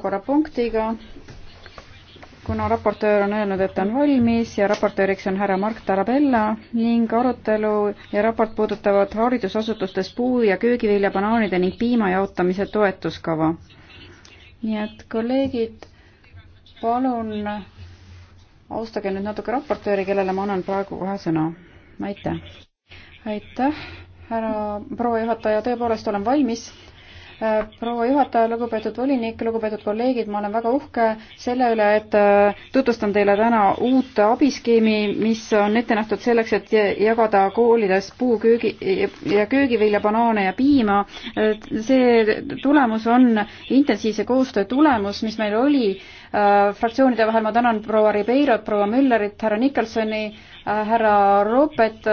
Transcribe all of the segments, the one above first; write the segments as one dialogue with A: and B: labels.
A: korrapunktiga, kuna raportöör on öelnud, et ta on valmis ja raportööriks on härra Mark Tarabella ning arutelu ja raport puudutavad haridusasutustes puu- ja köögivilja, banaanide ning piima jaotamise toetuskava. nii et kolleegid, palun austage nüüd natuke raportööri, kellele ma annan praegu kohe sõna. aitäh. aitäh, härra proua juhataja, tõepoolest olen valmis Äh, proua juhataja, lugupeetud volinik, lugupeetud kolleegid, ma olen väga uhke selle üle, et äh, tutvustan teile täna uut abiskeemi, mis on ette nähtud selleks, et jagada koolides puuköögi ja köögivilja, banaane ja piima. Äh, see tulemus on intensiivse koostöö tulemus, mis meil oli fraktsioonide vahel. ma tänan proua Ribeirot, proua Müllerit, härra Nikolsoni, härra Ropet,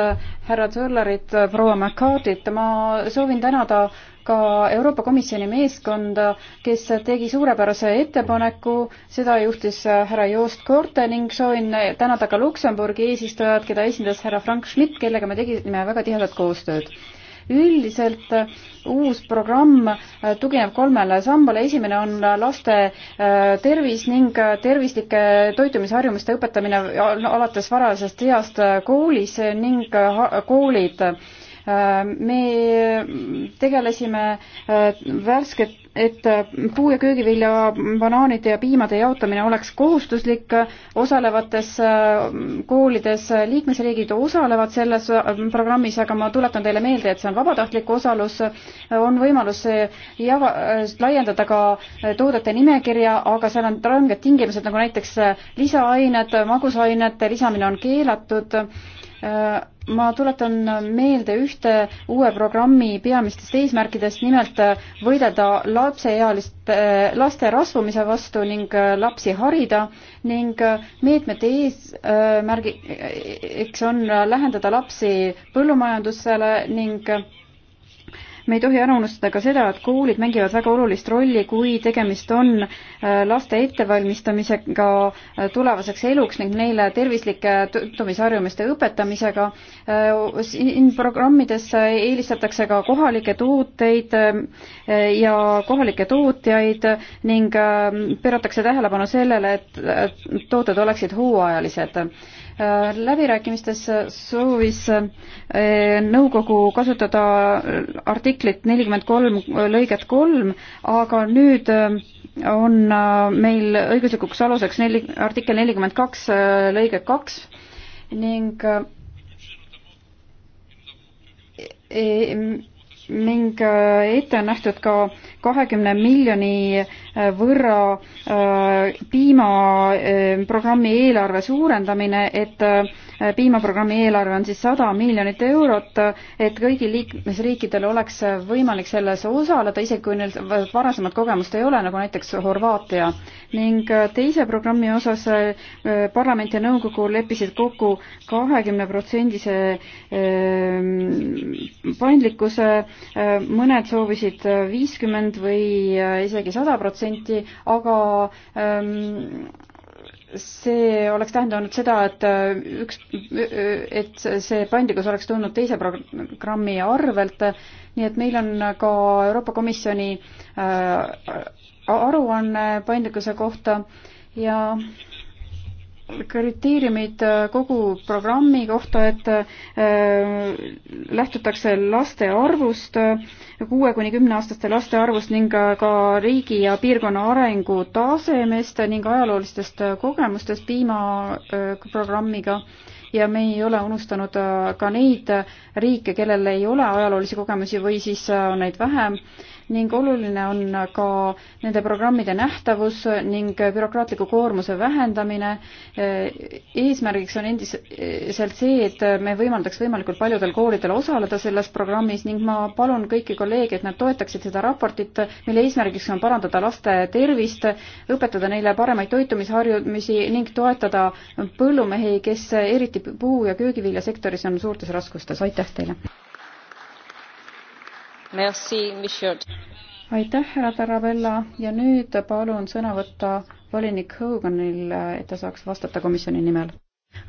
A: härra Zöllerit, proua McCartit. ma soovin tänada ka Euroopa Komisjoni meeskonda, kes tegi suurepärase ettepaneku, seda juhtis härra Joost Korte ning soovin tänada ka Luksemburgi eesistujat, keda esindas härra Frank Schmidt, kellega me tegime väga tihedat koostööd üldiselt uus programm tugineb kolmele sambale, esimene on laste äh, tervis ning tervislike toitumisharjumuste õpetamine alates varasest east koolis ning äh, koolid me tegelesime äh, värsket, et äh, puu- ja köögivilja, banaanide ja piimade jaotamine oleks kohustuslik osalevates äh, koolides, liikmesriigid osalevad selles programmis, aga ma tuletan teile meelde, et see on vabatahtlik osalus, on võimalus java-, laiendada ka toodete nimekirja, aga seal on ranged tingimused, nagu näiteks lisaained, magusainete lisamine on keelatud Äh, ma tuletan meelde ühte uue programmi peamistest eesmärkidest, nimelt äh, võidelda lapseealist, äh, laste rasvumise vastu ning lapsi harida ning meetmete eesmärgi, eks on lähendada lapsi põllumajandusele ning me ei tohi ära unustada ka seda, et koolid mängivad väga olulist rolli, kui tegemist on äh, laste ettevalmistamisega äh, tulevaseks eluks ning neile tervislike toitumisharjumuste õpetamisega. Äh, siin programmides eelistatakse ka kohalikke tooteid ja kohalikke tootjaid ning pööratakse tähelepanu sellele, et tooted oleksid hooajalised läbirääkimistes soovis eh, nõukogu kasutada eh, artiklit nelikümmend kolm eh, lõiget kolm, aga nüüd on meil õiguslikuks aluseks neli, artikkel nelikümmend kaks lõige kaks ning e ning äh, ette on nähtud ka kahekümne miljoni äh, võrra äh, piimaprogrammi eelarve suurendamine, et piimaprogrammi eelarve on siis sada miljonit eurot, et kõigil liikmesriikidel oleks võimalik selles osaleda, isegi kui neil varasemat kogemust ei ole, nagu näiteks Horvaatia. ning teise programmi osas parlament ja nõukogu leppisid kokku kahekümne protsendise paindlikkuse mõned soovisid viiskümmend või isegi sada protsenti, aga ähm, see oleks tähendanud seda, et äh, üks, et see paindlikkus oleks tulnud teise programmi arvelt, nii et meil on ka Euroopa Komisjoni äh, aruanne paindlikkuse kohta ja äh, kriteeriumid äh, kogu programmi kohta, et äh, lähtutakse laste arvust, kuue kuni kümneaastaste laste arvust ning ka riigi ja piirkonna arengu tasemest ning ajaloolistest kogemustest piimaprogrammiga äh, ja me ei ole unustanud ka neid riike, kellel ei ole ajaloolisi kogemusi või siis on neid vähem ning oluline on ka nende programmide nähtavus ning bürokraatliku koormuse vähendamine. eesmärgiks on endiselt see, et me võimaldaks võimalikult paljudel koolidel osaleda selles programmis ning ma palun kõiki kolleege, et nad toetaksid seda raportit, mille eesmärgiks on parandada laste tervist, õpetada neile paremaid toitumisharjumusi ning toetada põllumehi, kes eriti puu- ja köögiviljasektoris on suurtes raskustes. aitäh teile! Merci, aitäh, härra Tarabella ja nüüd palun sõna võtta volinik Hoganil, et ta saaks vastata komisjoni nimel.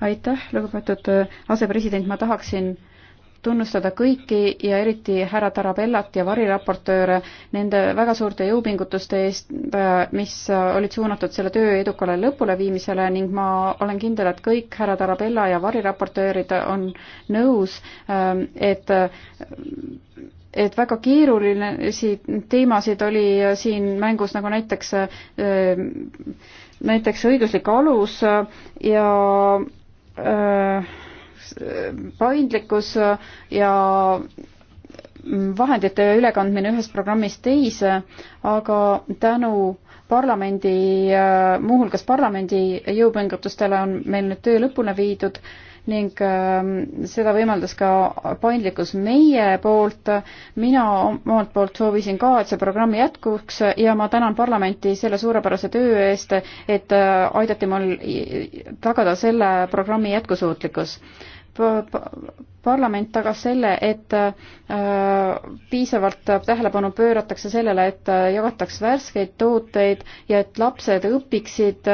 A: aitäh, lugupeetud asepresident, ma tahaksin tunnustada kõiki ja eriti härra Tarabellat ja variraportööre nende väga suurte jõupingutuste eest, mis olid suunatud selle töö edukale lõpuleviimisele ning ma olen kindel, et kõik härra Tarabella ja variraportöörid on nõus, et et väga keerulisi teemasid oli siin mängus, nagu näiteks, äh, näiteks õiguslik alus ja äh, paindlikkus ja vahendite ülekandmine ühest programmist teise, aga tänu parlamendi, äh, muuhulgas parlamendi jõupingutustele on meil nüüd töö lõpule viidud äh, ning ähm, seda võimaldas ka paindlikkus meie poolt. mina omalt poolt soovisin ka, et see programm jätkuks ja ma tänan parlamenti selle suurepärase töö eest, et äh, aidati mul tagada selle programmi jätkusuutlikkus parlament tagas selle, et äh, piisavalt tähelepanu pööratakse sellele, et äh, jagataks värskeid tooteid ja et lapsed õpiksid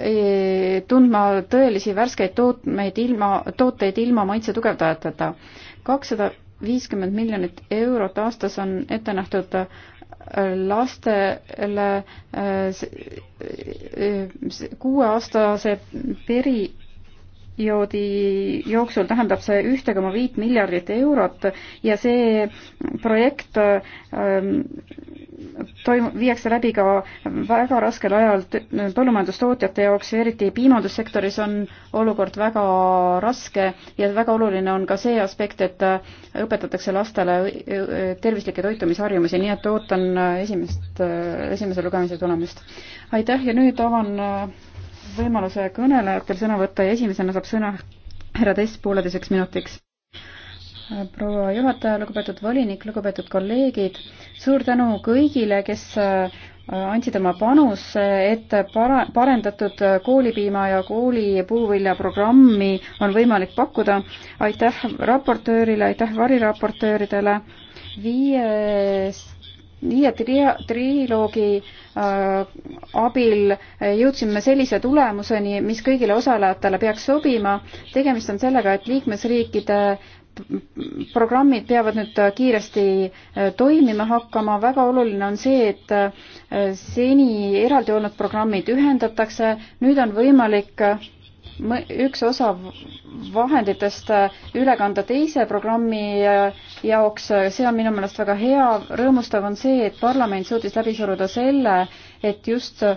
A: Eh, tundma tõelisi värskeid tootmeid ilma, tooteid ilma maitse tugevdajateta. kakssada viiskümmend miljonit eurot aastas on ette nähtud eh, lastele eh, kuueaastase peri, perioodi jooksul tähendab see ühte koma viit miljardit eurot ja see projekt ähm, toim-, viiakse läbi ka väga raskel ajal põllumajandustootjate jaoks ja eriti piimandussektoris on olukord väga raske ja väga oluline on ka see aspekt, et õpetatakse lastele tervislikke toitumisharjumusi, nii et ootan esimest, esimese lugemise tulemust. aitäh ja nüüd avan äh, võimaluse kõnelejatel sõna võtta ja esimesena saab sõna härra Tess pooleteiseks minutiks. proua juhataja, lugupeetud volinik, lugupeetud kolleegid, suur tänu kõigile, kes äh, andsid oma panuse, et para-, parendatud koolipiima ja koolipuuvilja programmi on võimalik pakkuda. aitäh raportöörile, aitäh variraportööridele. viies viie tri-, triloogi äh, abil jõudsime sellise tulemuseni, mis kõigile osalejatele peaks sobima. tegemist on sellega, et liikmesriikide programmid peavad nüüd äh, kiiresti äh, toimima hakkama, väga oluline on see, et äh, seni eraldi olnud programmid ühendatakse, nüüd on võimalik üks osa vahenditest äh, üle kanda teise programmi äh, jaoks, äh, see on minu meelest väga hea, rõõmustav on see, et parlament suutis läbi suruda selle, et just äh,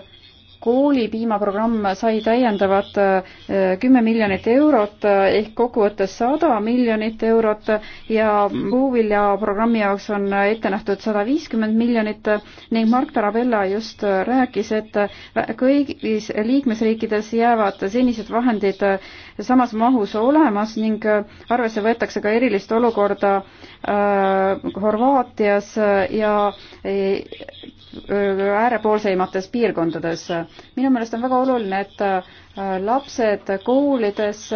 A: koolipiimaprogramm sai täiendavat äh, kümme miljonit eurot äh, ehk kokkuvõttes sada miljonit eurot ja puuviljaprogrammi jaoks on ette nähtud sada viiskümmend miljonit ning Mark Tarabella just rääkis, et kõigis liikmesriikides jäävad senised vahendid äh, samas mahus olemas ning äh, arvesse võetakse ka erilist olukorda äh, Horvaatias äh, ja äärepoolseimates piirkondades. minu meelest on väga oluline, et lapsed koolides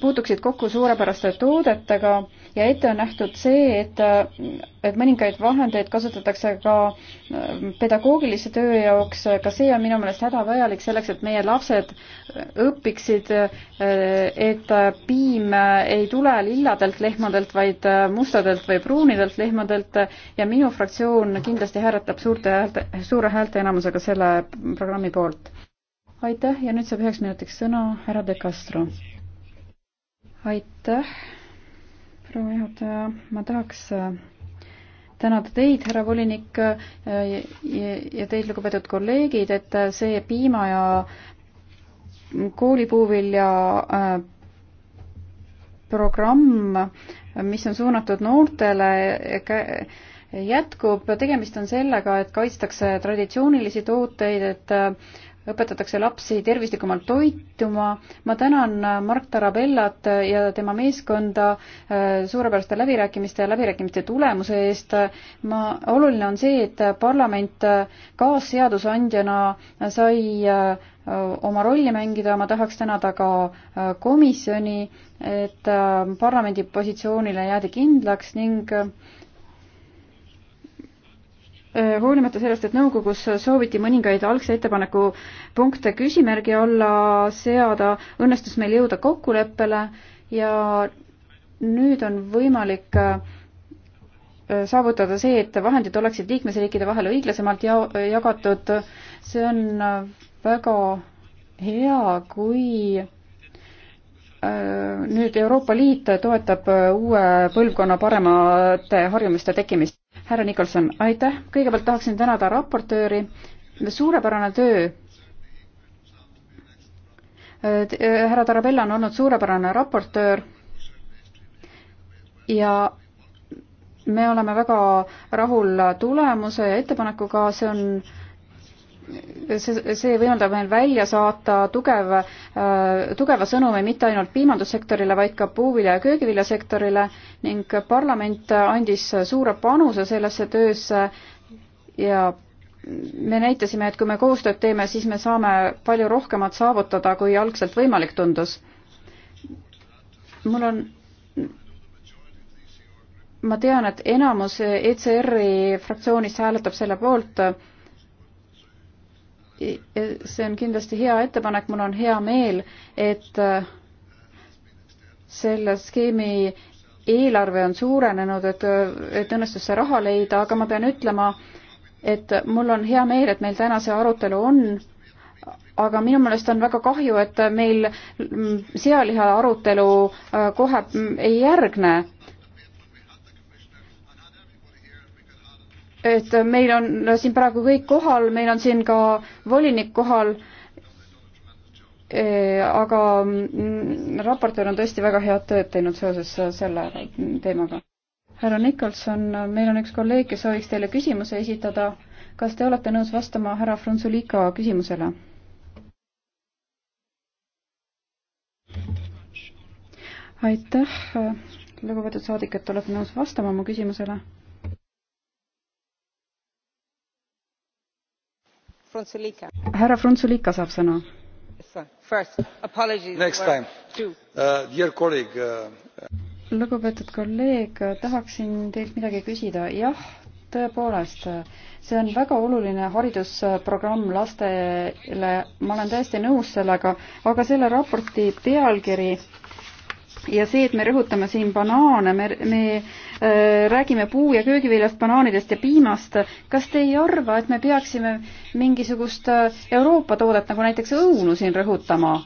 A: puutuksid kokku suurepäraste toodetega ja ette on nähtud see, et, et mõningaid vahendeid kasutatakse ka äh, pedagoogilise töö jaoks, ka see on minu meelest hädavajalik selleks, et meie lapsed õpiksid, äh, et piim ei tule lilladelt lehmadelt, vaid äh, mustadelt või pruunidelt lehmadelt ja minu fraktsioon kindlasti hääletab suurte häälte, suure häälteenamusega selle programmi poolt. aitäh ja nüüd saab üheks minutiks sõna härra De Castro aitäh, proua juhataja, ma tahaks äh, tänada teid, härra volinik äh, ja teid, lugupeetud kolleegid, et äh, see piima ja koolipuuvilja programm, mis on suunatud noortele, jätkub, tegemist on sellega, et kaitstakse traditsioonilisi tooteid, et õpetatakse lapsi tervislikumalt toituma. ma tänan Mark Tarabellat ja tema meeskonda äh, suurepäraste läbirääkimiste ja läbirääkimiste tulemuse eest. ma, oluline on see, et parlament kaasseadusandjana sai äh, oma rolli mängida, ma tahaks tänada ka äh, komisjoni, et parlamendi positsioonile jäädi kindlaks ning Äh, hoolimata sellest, et nõukogus sooviti mõningaid algse ettepaneku punkte küsimärgi alla seada, õnnestus meil jõuda kokkuleppele ja nüüd on võimalik äh, saavutada see, et vahendid oleksid liikmesriikide vahel õiglasemalt ja jagatud. see on äh, väga hea, kui nüüd Euroopa Liit toetab uue põlvkonna paremate harjumuste tekkimist härra Nikolson, aitäh, kõigepealt tahaksin tänada raportööri, suurepärane töö äh, härra Tarabella on olnud suurepärane raportöör ja me oleme väga rahul tulemuse ja ettepanekuga, see on see, see võimaldab meil välja saata tugev, äh, tugeva sõnumi mitte ainult piimandussektorile, vaid ka puuvilja- ja köögiviljasektorile ning parlament andis suure panuse sellesse töösse ja me näitasime, et kui me koostööd teeme, siis me saame palju rohkemat saavutada, kui algselt võimalik tundus. mul on ma tean, et enamus ECR-i fraktsioonist hääletab selle poolt, E, see on kindlasti hea ettepanek, mul on hea meel, et äh, selle skeemi eelarve on suurenenud, et, äh, et õnnestus see raha leida, aga ma pean ütlema, et mul on hea meel, et meil täna see arutelu on, aga minu meelest on väga kahju, et meil mm, sealiha arutelu äh, kohe mm, ei järgne et meil on siin praegu kõik kohal, meil on siin ka volinik kohal, äh, aga mm, raportöör on tõesti väga head tööd teinud seoses selle teemaga. härra Nicholson, meil on üks kolleeg, kes sooviks teile küsimuse esitada. kas te olete nõus vastama härra Frunzulika küsimusele? aitäh, lugupeetud saadik, et olete nõus vastama mu küsimusele härra Frunzulika saab sõna. Uh, uh, lugupeetud kolleeg, tahaksin teilt midagi küsida. jah, tõepoolest, see on väga oluline haridusprogramm lastele, ma olen täiesti nõus sellega, aga selle raporti pealkiri ja see, et me rõhutame siin banaane, me, me äh, räägime puu- ja köögiviljast, banaanidest ja piimast, kas te ei arva, et me peaksime mingisugust äh, Euroopa toodet, nagu näiteks õunu siin rõhutama?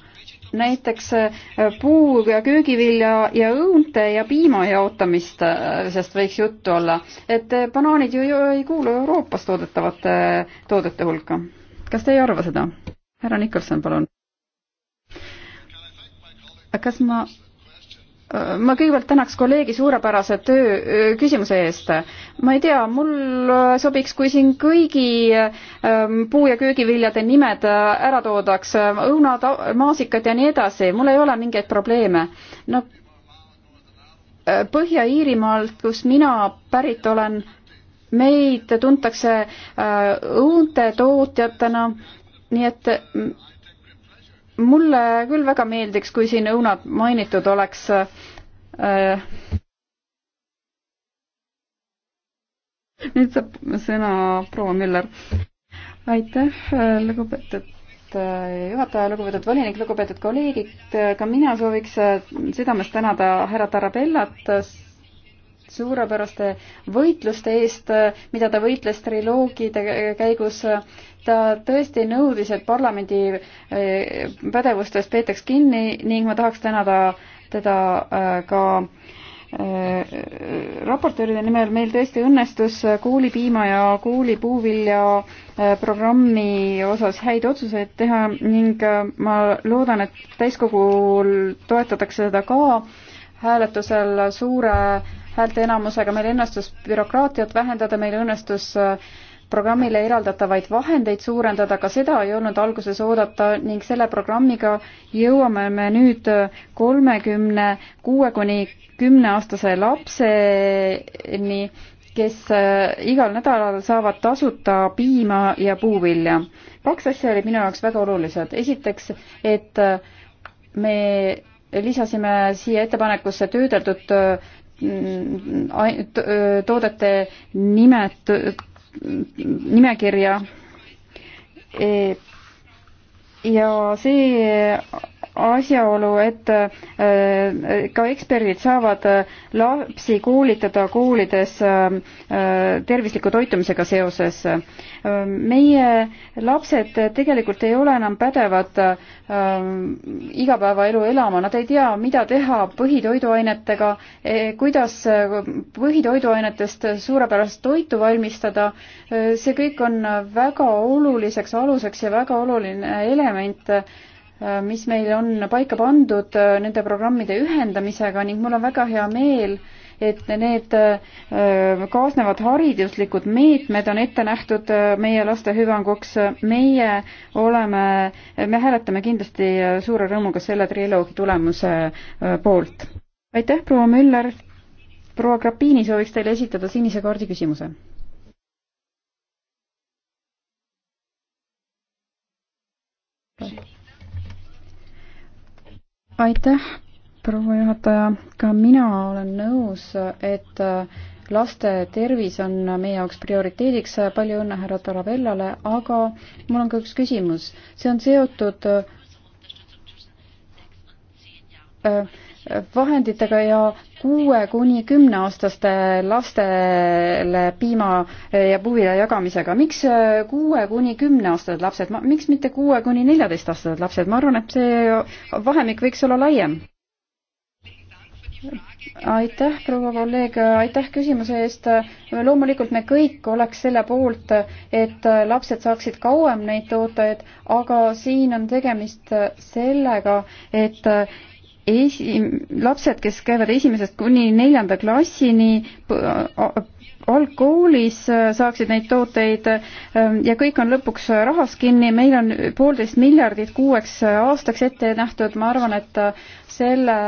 A: näiteks äh, puu- ja köögivilja ja õunte ja piima jaotamist, sest võiks juttu olla, et äh, banaanid ju, ju ei kuulu Euroopas toodetavate toodete hulka. kas te ei arva seda? härra Nikolson, palun. kas ma ma kõigepealt tänaks kolleegi suurepärase töö küsimuse eest. ma ei tea, mul äh, sobiks, kui siin kõigi ähm, puu- ja köögiviljade nimed äh, ära toodaks, äh, õunad, maasikad ja nii edasi, mul ei ole mingeid probleeme. no Põhja-Iirimaalt, kus mina pärit olen, meid tuntakse õunte tootjatena, nii et mm, mulle küll väga meeldiks, kui siin õunad mainitud oleks äh,. nüüd saab sõna proua Müller. aitäh, äh, lugupeetud äh, juhataja, lugupeetud volinik, lugupeetud kolleegid, ka mina sooviks äh, südamest tänada härra Tarabellat suurepäraste võitluste eest, mida ta võitles triloogide käigus. ta tõesti nõudis, et parlamendi eh, pädevustest peetaks kinni ning ma tahaks tänada teda eh, ka eh, raportööride nimel meil tõesti õnnestus koolipiima ja koolipuuvilja programmi osas häid otsuseid teha ning ma loodan, et täiskogul toetatakse seda ka hääletusel suure häälte enamusega, meil õnnestus bürokraatiat vähendada, meil õnnestus äh, programmile eraldatavaid vahendeid suurendada, ka seda ei olnud alguses oodata ning selle programmiga jõuame me nüüd kolmekümne kuue kuni kümneaastase lapseni, kes äh, igal nädalal saavad tasuta piima ja puuvilja. kaks asja olid minu jaoks väga olulised. esiteks, et äh, me lisasime siia ettepanekusse töödeldud äh, toodete nimed, nimekirja. E, ja see asjaolu, et äh, ka eksperdid saavad äh, lapsi koolitada koolides äh, tervisliku toitumisega seoses. Ähm, meie lapsed tegelikult ei ole enam pädevad igapäevaelu elama, nad ei tea, mida teha põhitoiduainetega, e, kuidas põhitoiduainetest suurepärast toitu valmistada. see kõik on väga oluliseks aluseks ja väga oluline element Äh, mis meil on paika pandud äh, nende programmide ühendamisega ning mul on väga hea meel, et need äh, kaasnevad hariduslikud meetmed on ette nähtud meie laste hüvanguks. meie oleme, me hääletame kindlasti suure rõõmuga selle triloogi tulemuse poolt. aitäh, proua Müller. proua Grapini sooviks teile esitada sinise kaardi küsimuse. Thank you aitäh, proua juhataja, ka mina olen nõus, et äh, laste tervis on meie jaoks prioriteediks, palju õnne härra Tarabellale, aga mul on ka üks küsimus, see on seotud äh, äh, vahenditega ja kuue kuni kümneaastaste lastele piima ja puuvilja jagamisega. miks äh, kuue kuni kümneaastased lapsed, miks mitte kuue kuni neljateistaastased lapsed, ma arvan, et see vahemik võiks olla laiem. aitäh, proua kolleeg, aitäh küsimuse eest. loomulikult me kõik oleks selle poolt, et lapsed saaksid kauem neid tooteid, aga siin on tegemist sellega, et esi-, lapsed, kes käivad esimesest kuni neljanda klassini algkoolis, saaksid neid tooteid ja kõik on lõpuks rahas kinni, meil on poolteist miljardit kuueks aastaks ette nähtud, ma arvan, et selle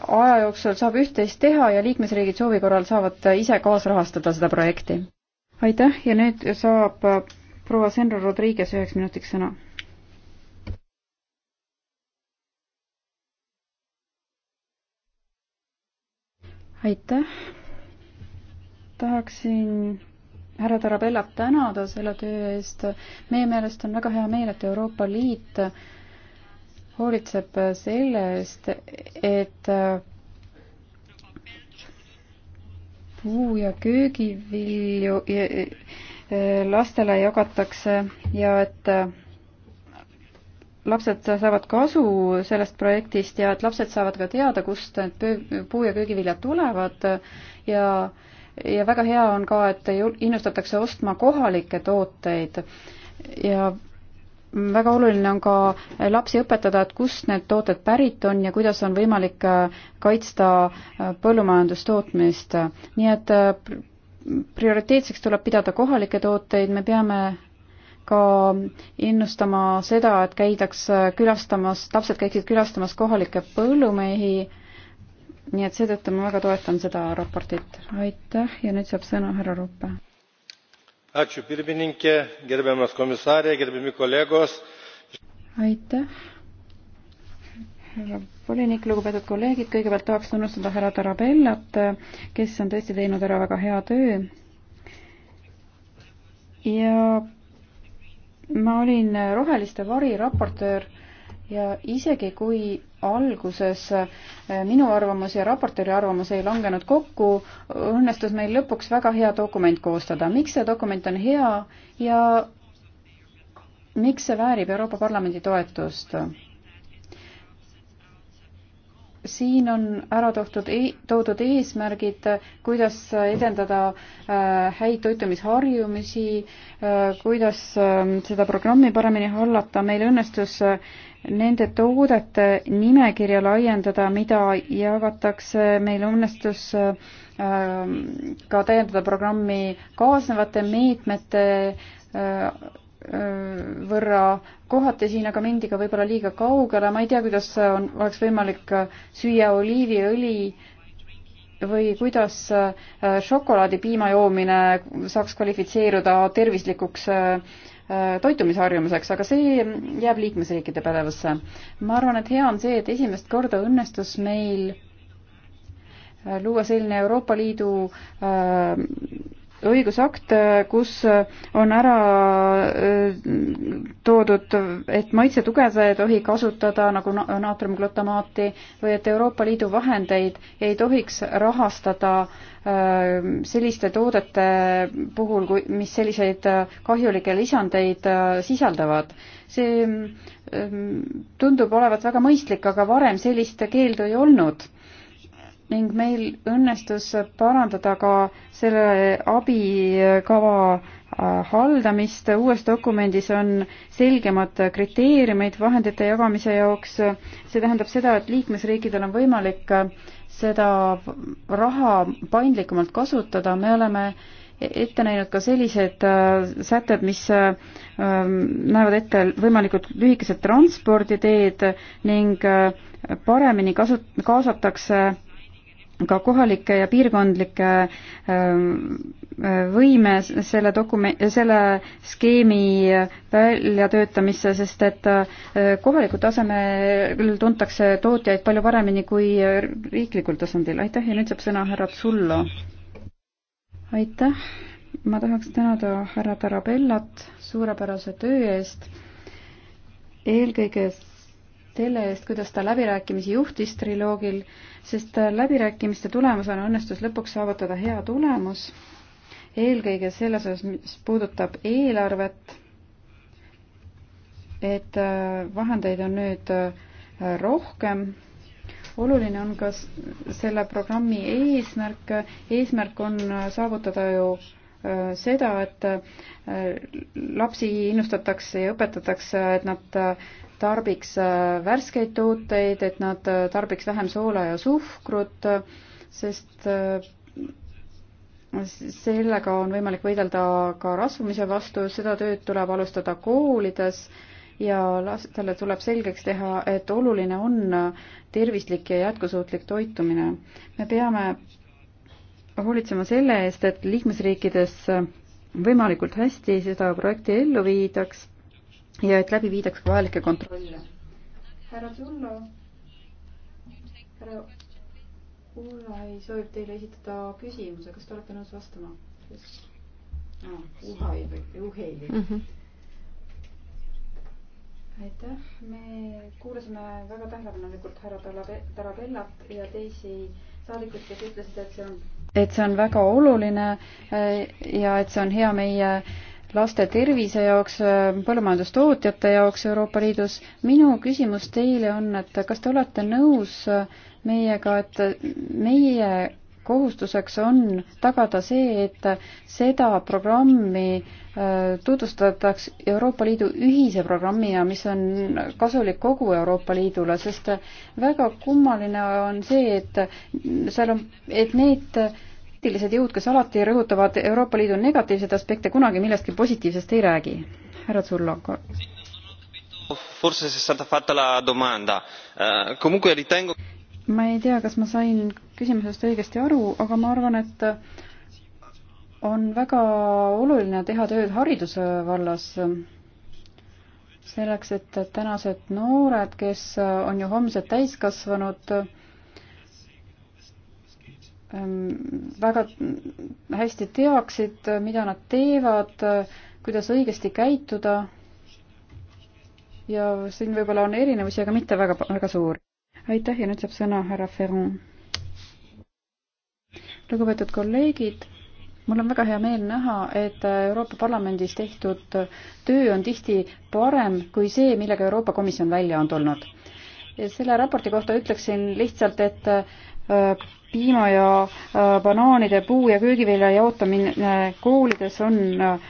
A: aja jooksul saab üht-teist teha ja liikmesriigid soovi korral saavad ise kaasrahastada seda projekti. aitäh ja nüüd saab proua Senra Rodriguez üheks minutiks sõna aitäh. tahaksin härra Tarabellat tänada selle töö eest. meie meelest on väga hea meel, et Euroopa Liit hoolitseb selle eest, et puu- ja köögivilju lastele jagatakse ja et lapsed saavad kasu sellest projektist ja et lapsed saavad ka teada, kust need puu- ja köögiviljad tulevad ja ja väga hea on ka, et innustatakse ostma kohalikke tooteid ja väga oluline on ka lapsi õpetada, et kust need tooted pärit on ja kuidas on võimalik äh, kaitsta äh, põllumajandustootmist. nii et äh, prioriteetseks tuleb pidada kohalikke tooteid, me peame ka ennustama seda, et käidaks külastamas, lapsed käiksid külastamas kohalikke põllumehi, nii et seetõttu ma väga toetan seda raportit. aitäh ja nüüd saab sõna härra Ruppe. aitäh, härra volinik, lugupeetud kolleegid, kõigepealt tahaks tunnustada härra Tarabellat, kes on tõesti teinud ära väga hea töö ja ma olin Roheliste variraportöör ja isegi kui alguses eh, minu arvamus ja raportööri arvamus ei langenud kokku, õnnestus meil lõpuks väga hea dokument koostada. miks see dokument on hea ja miks see väärib Euroopa Parlamendi toetust? siin on ära tohtud e, toodud eesmärgid, kuidas edendada äh, häid toitumisharjumusi äh,, kuidas äh, seda programmi paremini hallata, meil õnnestus äh, nende toodete nimekirja laiendada, mida jagatakse, meil õnnestus äh, ähm, ka täiendada programmi kaasnevate meetmete äh, võrra, kohati siin aga mindi ka võib-olla liiga kaugele, ma ei tea, kuidas on, oleks võimalik äh, süüa oliiviõli või kuidas äh, šokolaadipiima joomine saaks kvalifitseeruda tervislikuks äh, toitumisharjumuseks, aga see jääb liikmesriikide pädevusse. ma arvan, et hea on see, et esimest korda õnnestus meil luua selline Euroopa Liidu äh, õigusakt, kus on ära äh, toodud, et maitsetugeva ei tohi kasutada nagu naatriumglutamaati või et Euroopa Liidu vahendeid ei tohiks rahastada äh, selliste toodete puhul, kui, mis selliseid äh, kahjulikke lisandeid sisaldavad. see mm, tundub olevat väga mõistlik, aga varem sellist keeldu ei olnud ning meil õnnestus parandada ka selle abikava äh, haldamist. uues dokumendis on selgemad kriteeriumid vahendite jagamise jaoks. see tähendab seda, et liikmesriikidel on võimalik seda raha paindlikumalt kasutada. me oleme ette näinud ka sellised äh, sätted, mis äh, ähm, näevad ette võimalikult lühikesed transporditeed ning paremini kasut-, kaasatakse ka kohalike ja piirkondlike ähm, äh, võime selle dokument, selle skeemi väljatöötamisse, sest et äh, kohalikul tasemel tuntakse tootjaid palju paremini kui riiklikul tasandil. aitäh ja nüüd saab sõna härra Tsullo. aitäh, ma tahaks tänada härra Tarabellat suurepärase töö eest, eelkõige selle eest, kuidas ta läbirääkimisi juhtis triloogil, sest läbirääkimiste tulemusena õnnestus lõpuks saavutada hea tulemus, eelkõige selles osas, mis puudutab eelarvet, et äh, vahendeid on nüüd äh, rohkem, oluline on ka selle programmi eesmärk, eesmärk on äh, saavutada ju seda, et lapsi innustatakse ja õpetatakse, et nad tarbiks äh, värskeid tooteid, et nad äh, tarbiks vähem soola ja suhkrut, sest äh, sellega on võimalik võidelda ka rasvumise vastu, seda tööd tuleb alustada koolides ja lastele tuleb selgeks teha, et oluline on tervislik ja jätkusuutlik toitumine. me peame hoolitsema selle eest, et liikmesriikides võimalikult hästi seda projekti ellu viidaks ja et läbi viidaks ka vajalikke kontrolle. härra Zullo, härra Ulai soovib teile esitada küsimuse, kas te olete nõus vastama? Ah, Uhai või Uheili mm. -hmm. aitäh, me kuulasime väga tähelepanelikult härra Tarabellat ja teisi saadikuid, kes ütlesid, et see on et see on väga oluline eh, ja et see on hea meie äh, laste tervise jaoks, põllumajandustootjate jaoks Euroopa Liidus. minu küsimus teile on, et kas te olete nõus meiega, et meie kohustuseks on tagada see, et seda programmi äh, tutvustataks Euroopa Liidu ühise programmina, mis on kasulik kogu Euroopa Liidule, sest väga kummaline on see, et seal on, et need skeptilised jõud, kes alati rõhutavad Euroopa Liidu negatiivseid aspekte, kunagi millestki positiivsest ei räägi. härra Zullo.
B: Eh,
A: ma ei tea, kas ma sain küsimusest õigesti aru, aga ma arvan, et on väga oluline teha tööd hariduse vallas selleks, et tänased noored, kes on ju homsed täiskasvanud, Ähm, väga hästi teaksid, äh, mida nad teevad, äh, kuidas õigesti käituda. ja siin võib-olla on erinevusi, aga mitte väga, väga suuri. aitäh ja nüüd saab sõna härra Ferron. lugupeetud kolleegid, mul on väga hea meel näha, et Euroopa Parlamendis tehtud töö on tihti parem kui see, millega Euroopa Komisjon välja on tulnud. selle raporti kohta ütleksin lihtsalt, et äh, piima ja äh, banaanide, puu- ja köögivilja jaotamine äh, koolides on äh,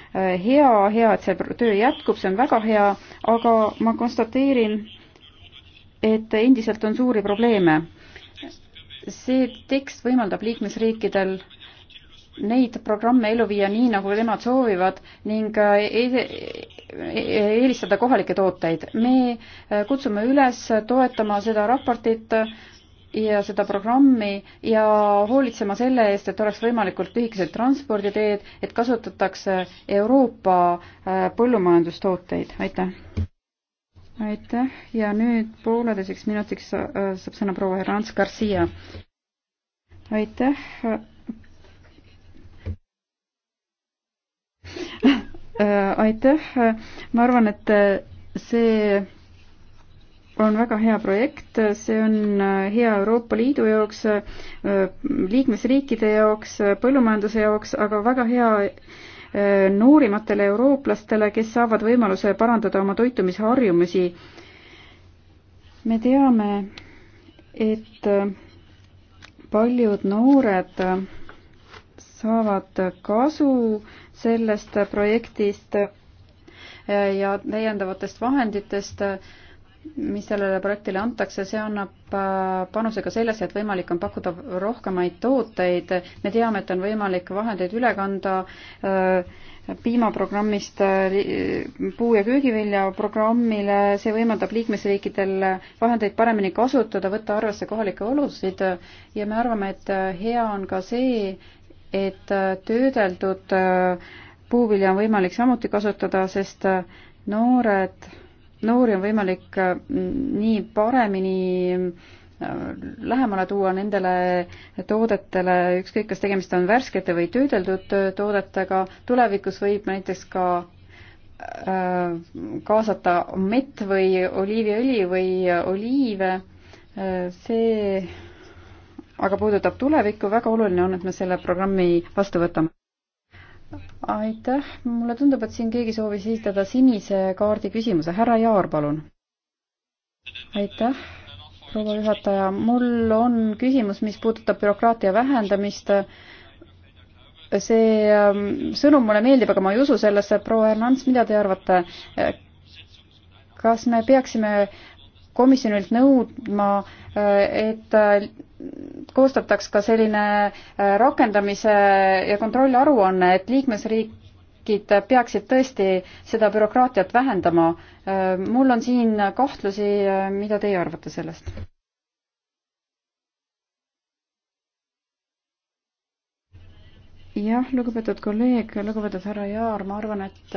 A: hea, hea, et see töö jätkub, see on väga hea, aga ma konstateerin, et endiselt on suuri probleeme. see tekst võimaldab liikmesriikidel neid programme ellu viia nii, nagu nemad soovivad ning e-, e-, e-, eelistada kohalikke tooteid. me kutsume üles toetama seda raportit, ja seda programmi ja hoolitsema selle eest, et oleks võimalikult lühikesed transporditeed, et kasutatakse Euroopa äh, põllumajandustooteid, aitäh. aitäh ja nüüd pooleteiseks minutiks äh, saab sõna proua Herans Garcia. aitäh. Äh, aitäh, ma arvan, et see on väga hea projekt, see on äh, hea Euroopa Liidu jaoks, äh, liikmesriikide jaoks, äh, põllumajanduse jaoks, aga väga hea noorimatele eurooplastele, kes saavad võimaluse parandada oma toitumisharjumusi. me teame, et paljud noored saavad kasu sellest projektist ja täiendavatest vahenditest äh, mis sellele projektile antakse, see annab äh, panuse ka sellesse, et võimalik on pakkuda rohkemaid tooteid. me teame, et on võimalik vahendeid üle kanda äh, piimaprogrammist äh, puu- ja köögivilja programmile, see võimaldab liikmesriikidel vahendeid paremini kasutada, võtta arvesse kohalikke olusid ja me arvame, et hea on ka see, et töödeldud puuvilja on võimalik samuti kasutada, sest noored noori on võimalik äh, nii paremini äh, lähemale tuua nendele toodetele, ükskõik, kas tegemist on värskete või töödeldud äh, toodetega, tulevikus võib näiteks ka kaasata mett või oliiviõli või oliive, see aga puudutab tulevikku, väga oluline on, et me selle programmi vastu võtame aitäh, mulle tundub, et siin keegi soovis esitada sinise kaardi küsimuse, härra Jaar, palun. aitäh, proua juhataja, mul on küsimus, mis puudutab bürokraatia vähendamist. see ähm, sõnum mulle meeldib, aga ma ei usu sellesse, proua Hernants, mida te arvate? kas me peaksime äh, komisjonilt nõudma, et äh, koostataks ka selline äh, rakendamise ja kontrolli aruanne, et liikmesriigid peaksid tõesti seda bürokraatiat vähendama. Äh, mul on siin kahtlusi, mida teie arvate sellest? jah, lugupeetud kolleeg, lugupeetud härra Jaar, ma arvan, et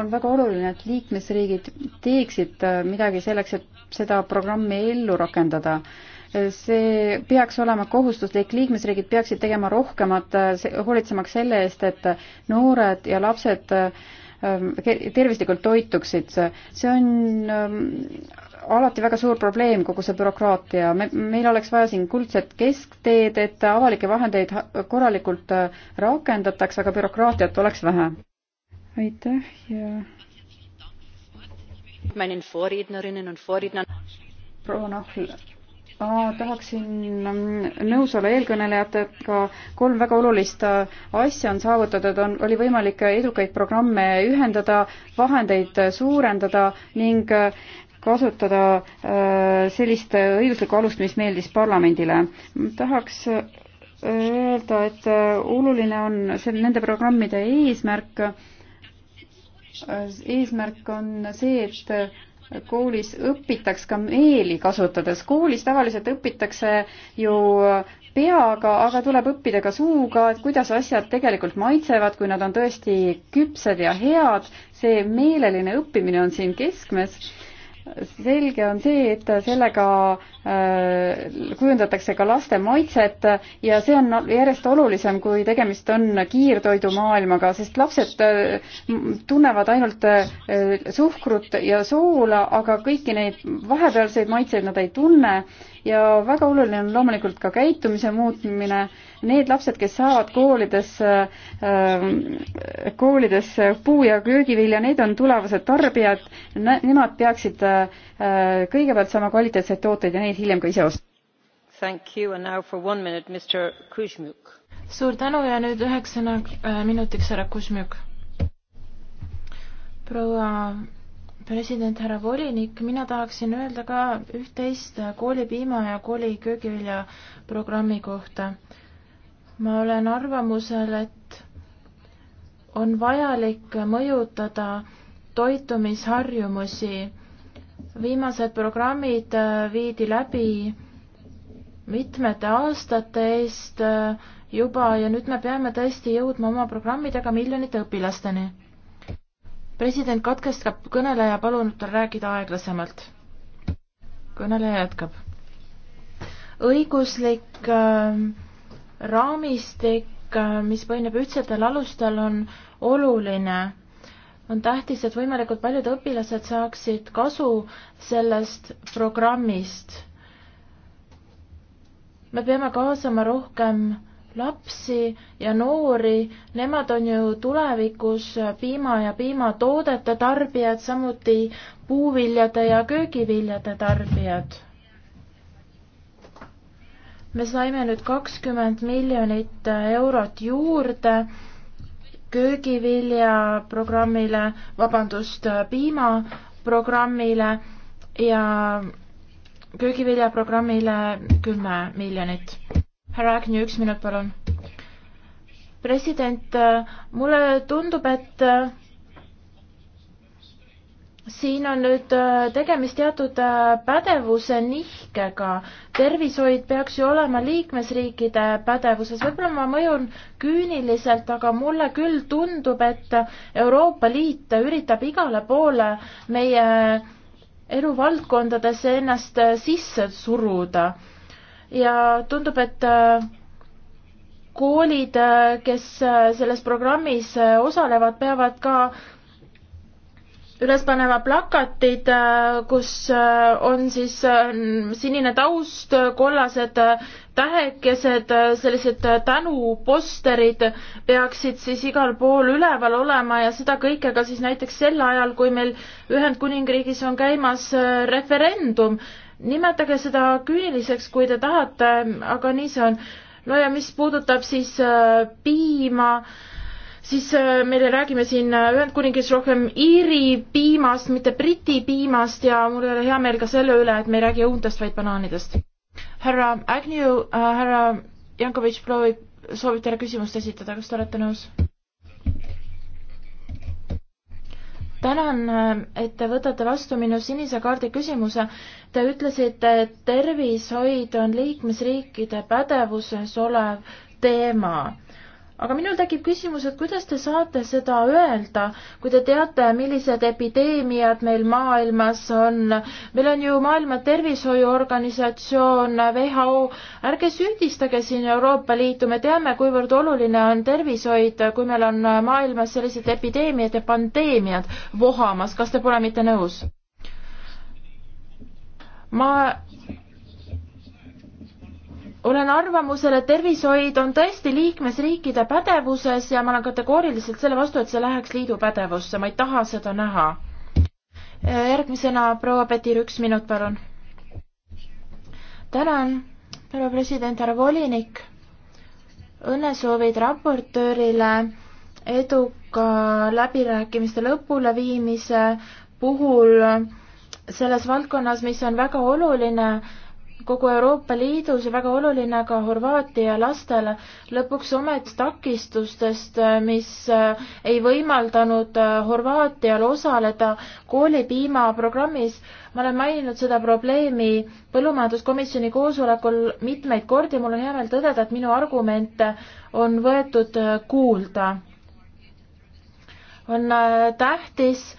A: on väga oluline, et liikmesriigid teeksid midagi selleks, et seda programmi ellu rakendada see peaks olema kohustuslik, liikmesriigid peaksid tegema rohkemat, äh, hoolitsemaks selle eest, et noored ja lapsed ähm, tervislikult toituksid. see on ähm, alati väga suur probleem, kogu see bürokraatia. me, meil oleks vaja siin kuldset keskteed, et avalikke vahendeid korralikult äh, rakendataks, aga bürokraatiat oleks vähe. aitäh ja proua Nahl, ma tahaksin mm, nõus olla eelkõnelejatega, kolm väga olulist äh, asja on saavutatud, on, oli võimalik äh, edukaid programme ühendada, vahendeid äh, suurendada ning kasutada sellist õiguslikku alust, mis meeldis parlamendile. tahaks öelda, et oluline on see nende programmide eesmärk Äh, eesmärk on see, et äh, koolis õpitaks ka meeli kasutades. koolis tavaliselt õpitakse ju äh, peaga, aga tuleb õppida ka suuga, et kuidas asjad tegelikult maitsevad, kui nad on tõesti küpsed ja head. see meeleline õppimine on siin keskmes. selge on see, et sellega äh, Äh, kujundatakse ka laste maitset ja see on järjest olulisem, kui tegemist on kiirtoidumaailmaga, sest lapsed äh, tunnevad ainult äh, suhkrut ja soola, aga kõiki neid vahepealseid maitseid nad ei tunne ja väga oluline on loomulikult ka käitumise muutmine. Need lapsed, kes saavad koolides, koolides puu- ja köögivilja, need on tulevased tarbijad, nemad peaksid kõigepealt saama kvaliteetseid tooteid ja neid neid hiljem ka ise osta.
B: suur tänu ja nüüd üheks äh, minutiks härra Kuzmjuk. proua president, härra volinik, mina tahaksin öelda ka üht-teist koolipiima ja kooli köögivilja programmi kohta. ma olen arvamusel, et on vajalik mõjutada toitumisharjumusi viimased programmid äh, viidi läbi mitmete aastate eest äh, juba ja nüüd me peame tõesti jõudma oma programmidega miljonite õpilasteni. president katkestab kõneleja, palun tal rääkida aeglasemalt. kõneleja jätkab. õiguslik äh, raamistik, äh, mis põhineb ühtsetel alustel, on oluline on tähtis, et võimalikult paljud õpilased saaksid kasu sellest programmist. me peame kaasama rohkem lapsi ja noori, nemad on ju tulevikus piima ja piimatoodete tarbijad, samuti puuviljade ja köögiviljade tarbijad. me saime nüüd kakskümmend miljonit eurot juurde köögiviljaprogrammile, vabandust, piimaprogrammile ja köögiviljaprogrammile kümme miljonit. härra Agnew, üks minut, palun. president, mulle tundub, et siin on nüüd äh, tegemist teatud äh, pädevuse nihkega. tervishoid peaks ju olema liikmesriikide pädevuses, võib-olla ma mõjun küüniliselt, aga mulle küll tundub, et Euroopa Liit üritab igale poole meie eluvaldkondadesse ennast äh, sisse suruda. ja tundub, et koolid, kes selles programmis osalevad, peavad ka ülespaneva plakatid, kus äh, on siis äh, sinine taust, kollased äh, tähekesed, sellised tänuposterid peaksid siis igal pool üleval olema ja seda kõike ka siis näiteks sel ajal, kui meil Ühendkuningriigis on käimas referendum. nimetage seda küüniliseks, kui te tahate, aga nii see on. no ja mis puudutab siis piima äh, siis äh, meile räägime siin äh, Ühendkuningriigis rohkem Iiri piimast, mitte Briti piimast ja mul ei ole hea meel ka selle üle, et me ei räägi õuntest, vaid banaanidest. härra Agnew äh,, härra Jankovitš proovib, soovib teile küsimust esitada, kas te olete nõus? tänan, äh, et te võtate vastu minu sinise kaardi küsimuse. Te ütlesite, et tervishoid on liikmesriikide pädevuses olev teema aga minul tekib küsimus, et kuidas te saate seda öelda, kui te teate, millised epideemiad meil maailmas on. meil on ju Maailma Tervishoiuorganisatsioon, WHO, ärge süüdistage siin Euroopa Liitu, me teame, kuivõrd oluline on tervishoid, kui meil on maailmas sellised epideemiad ja pandeemiad vohamas, kas te pole mitte nõus? ma olen arvamusel, et tervishoid on tõesti liikmesriikide pädevuses ja ma olen kategooriliselt selle vastu, et see läheks liidu pädevusse, ma ei taha seda näha. järgmisena proua Petir, üks minut, palun. tänan, härra president, härra volinik. õnnesoovid raportöörile eduka läbirääkimiste lõpuleviimise puhul selles valdkonnas, mis on väga oluline kogu Euroopa Liidus ja väga oluline ka Horvaatia lastele. lõpuks omet takistustest, äh, mis äh, ei võimaldanud äh, Horvaatial osaleda koolipiima programmis. ma olen maininud seda probleemi põllumajanduskomisjoni koosolekul mitmeid kordi, mul on hea meel tõdeda, et minu argumente on võetud kuulda. on tähtis,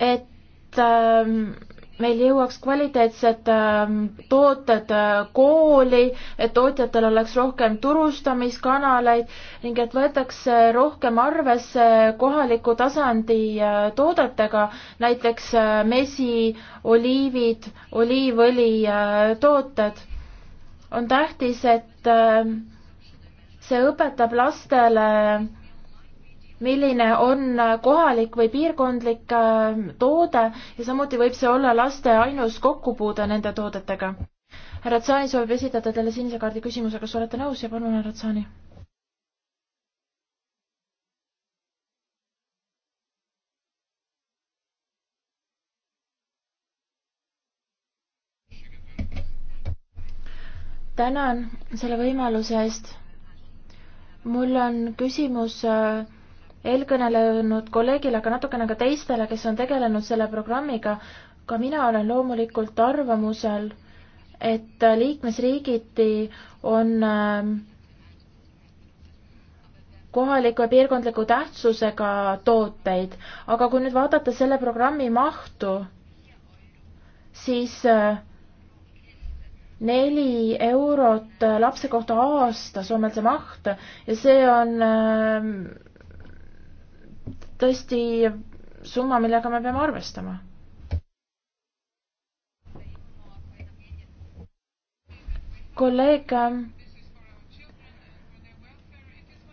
B: et ähm, meil jõuaks kvaliteetsed ähm, tooted äh, kooli, et tootjatel oleks rohkem turustamiskanaleid ning et võetakse rohkem arvesse kohaliku tasandi äh, toodetega, näiteks äh, mesi, oliivid, oliivõli tooted. on tähtis, et ähm, see õpetab lastele milline on kohalik või piirkondlik äh, toode ja samuti võib see olla laste ainus kokkupuude nende toodetega. härra Tsaani soovib esitada teile sinise kaardi küsimuse, kas olete nõus ja palun, härra Tsaani. tänan selle võimaluse eest. mul on küsimus äh, eelkõnelenud kolleegile, aga natukene ka teistele, kes on tegelenud selle programmiga. ka mina olen loomulikult arvamusel, et liikmesriigiti on ähm, kohaliku ja piirkondliku tähtsusega tooteid, aga kui nüüd vaadata selle programmi mahtu, siis äh, neli eurot lapse kohta aastas on meil see maht ja see on ähm, tõesti summa, millega me peame arvestama. kolleeg,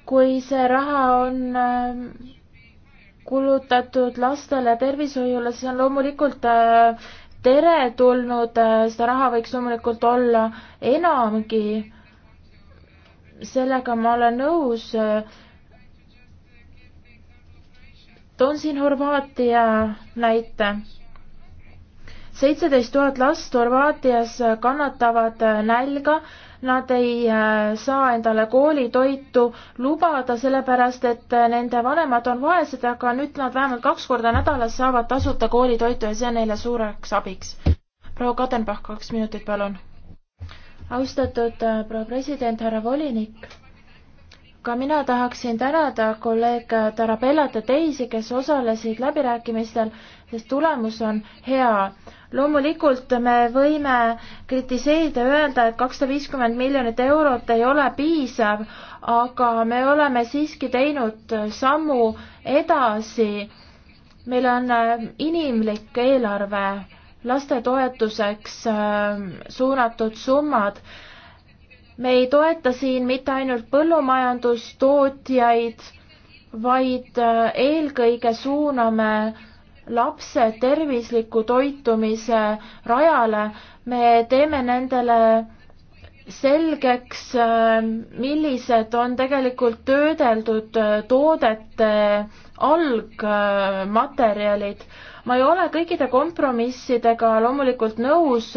B: kui see raha on äh, kulutatud lastele tervishoiule, siis on loomulikult äh, teretulnud, äh, seda raha võiks loomulikult olla enamgi. sellega ma olen nõus toon siin Horvaatia näite. seitseteist tuhat last Horvaatias kannatavad nälga, nad ei äh, saa endale koolitoitu lubada, sellepärast et äh, nende vanemad on vaesed, aga nüüd nad vähemalt kaks korda nädalas saavad tasuta koolitoitu ja see on neile suureks abiks. proua Kadenbach, kaks minutit, palun. austatud äh, proua president, härra volinik ka mina tahaksin tänada kolleeg Tarabellat ja teisi, kes osalesid läbirääkimistel, sest tulemus on hea. loomulikult me võime kritiseerida, öelda, et kakssada viiskümmend miljonit eurot ei ole piisav, aga me oleme siiski teinud sammu edasi. meil on äh, inimlik eelarve, lastetoetuseks äh, suunatud summad me ei toeta siin mitte ainult põllumajandustootjaid, vaid äh, eelkõige suuname lapsed tervisliku toitumise rajale. me teeme nendele selgeks, äh, millised on tegelikult töödeldud äh, toodete algmaterjalid. ma ei ole kõikide kompromissidega loomulikult nõus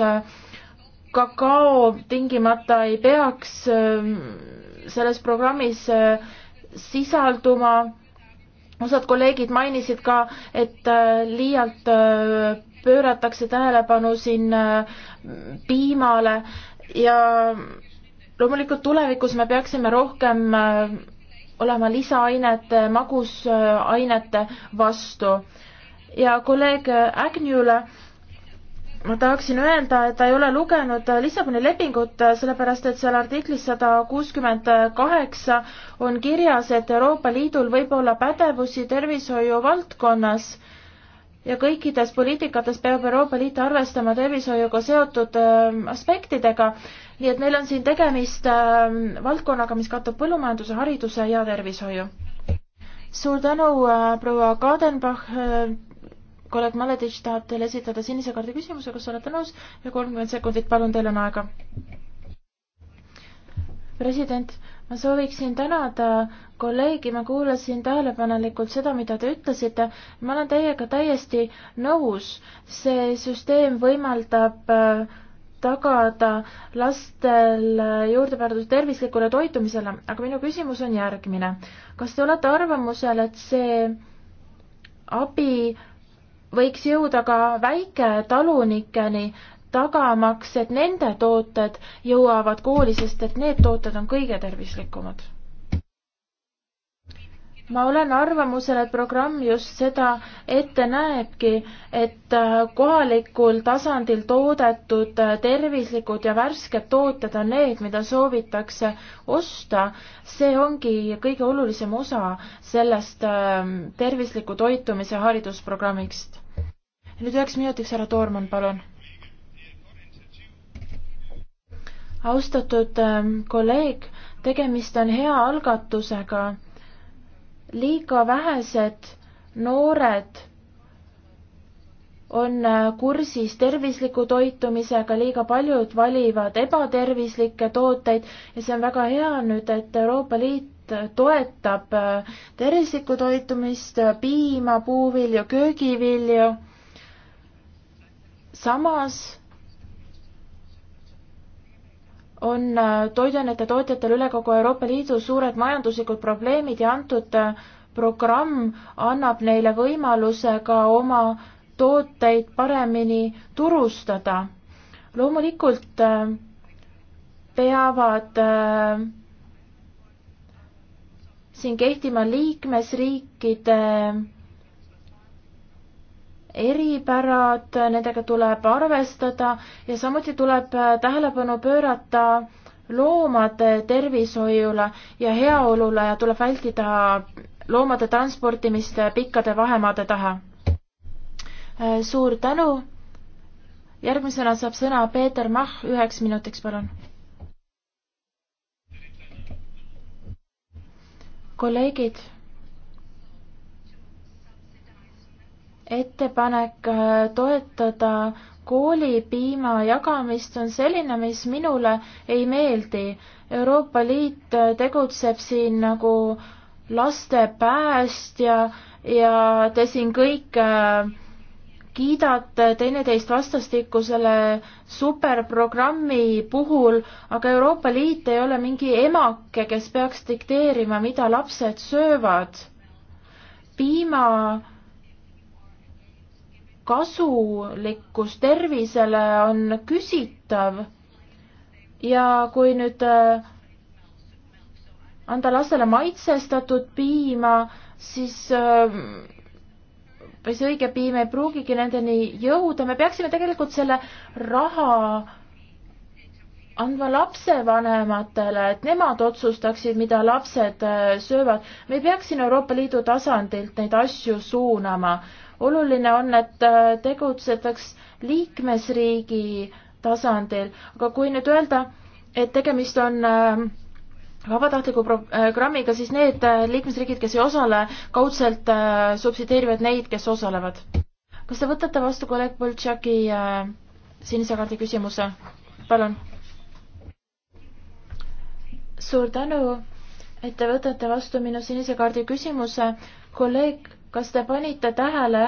B: kakao tingimata ei peaks ähm, selles programmis äh, sisalduma. osad kolleegid mainisid ka, et äh, liialt äh, pööratakse tähelepanu siin piimale ja loomulikult tulevikus me peaksime rohkem olema lisaainete, magusainete vastu. ja kolleeg Agnew'le ma tahaksin öelda, et ta ei ole lugenud Lissaboni lepingut, sellepärast et seal artiklis sada kuuskümmend kaheksa on kirjas, et Euroopa Liidul võib olla pädevusi tervishoiu valdkonnas ja kõikides poliitikates peab Euroopa Liit arvestama tervishoiuga seotud ähm, aspektidega. nii et meil on siin tegemist ähm, valdkonnaga, mis katab põllumajanduse, hariduse ja tervishoiu. suur tänu, äh, proua Kadenbach äh, kolleeg Maleditš tahab teile esitada sinise kaardi küsimuse, kas olete nõus ja kolmkümmend sekundit, palun, teil on aega. president, ma sooviksin tänada kolleegi, ma kuulasin tähelepanelikult seda, mida te ütlesite. ma olen teiega täiesti nõus, see süsteem võimaldab äh, tagada lastel äh, juurdepääsu tervislikule toitumisele, aga minu küsimus on järgmine. kas te olete arvamusel, et see abi võiks jõuda ka väiketalunikeni, tagamaks, et nende tooted jõuavad kooli, sest et need tooted on kõige tervislikumad. ma olen arvamusel, et programm just seda ette näebki, et kohalikul tasandil toodetud tervislikud ja värsked tooted on need, mida soovitakse osta. see ongi kõige olulisem osa sellest tervisliku toitumise haridusprogrammist nüüd üheks minutiks härra Toormann, palun. austatud ähm, kolleeg, tegemist on hea algatusega. liiga vähesed noored on äh, kursis tervisliku toitumisega, liiga paljud valivad ebatervislikke tooteid ja see on väga hea nüüd, et Euroopa Liit toetab äh, tervislikku toitumist, piima, puuvilju, köögivilju samas on äh, toiduainete tootjatel üle kogu Euroopa Liidu suured majanduslikud probleemid ja antud äh, programm annab neile võimaluse ka oma tooteid paremini turustada. loomulikult äh, peavad siin kehtima liikmesriikide eripärad, nendega tuleb arvestada ja samuti tuleb äh, tähelepanu pöörata loomade tervishoiule ja heaolule ja tuleb vältida loomade transportimist pikkade vahemaade taha. Äh, suur tänu. järgmisena saab sõna Peeter Mah, üheks minutiks, palun. kolleegid ettepanek äh, toetada koolipiima jagamist on selline, mis minule ei meeldi. Euroopa Liit äh, tegutseb siin nagu laste päästja ja te siin kõik äh, kiidate teineteist vastastikku selle superprogrammi puhul, aga Euroopa Liit ei ole mingi emake, kes peaks dikteerima, mida lapsed söövad. piima kasulikkus tervisele on küsitav ja kui nüüd äh, anda lastele maitsestatud piima, siis või äh, see õige piim ei pruugigi nendeni jõuda, me peaksime tegelikult selle raha andma lapsevanematele, et nemad otsustaksid, mida lapsed äh, söövad. me ei peaks siin Euroopa Liidu tasandilt neid asju suunama oluline on, et äh, tegutsetaks liikmesriigi tasandil, aga kui nüüd öelda, et tegemist on äh, vabatahtliku programmiga, äh, siis need liikmesriigid, kes ei osale, kaudselt subsideerivad neid, kes osalevad. kas te võtate vastu kolleeg Boltšaki sinise kaardi küsimuse? palun. suur tänu et te võtate vastu minu sinise kaardi küsimuse. kolleeg, kas te panite tähele,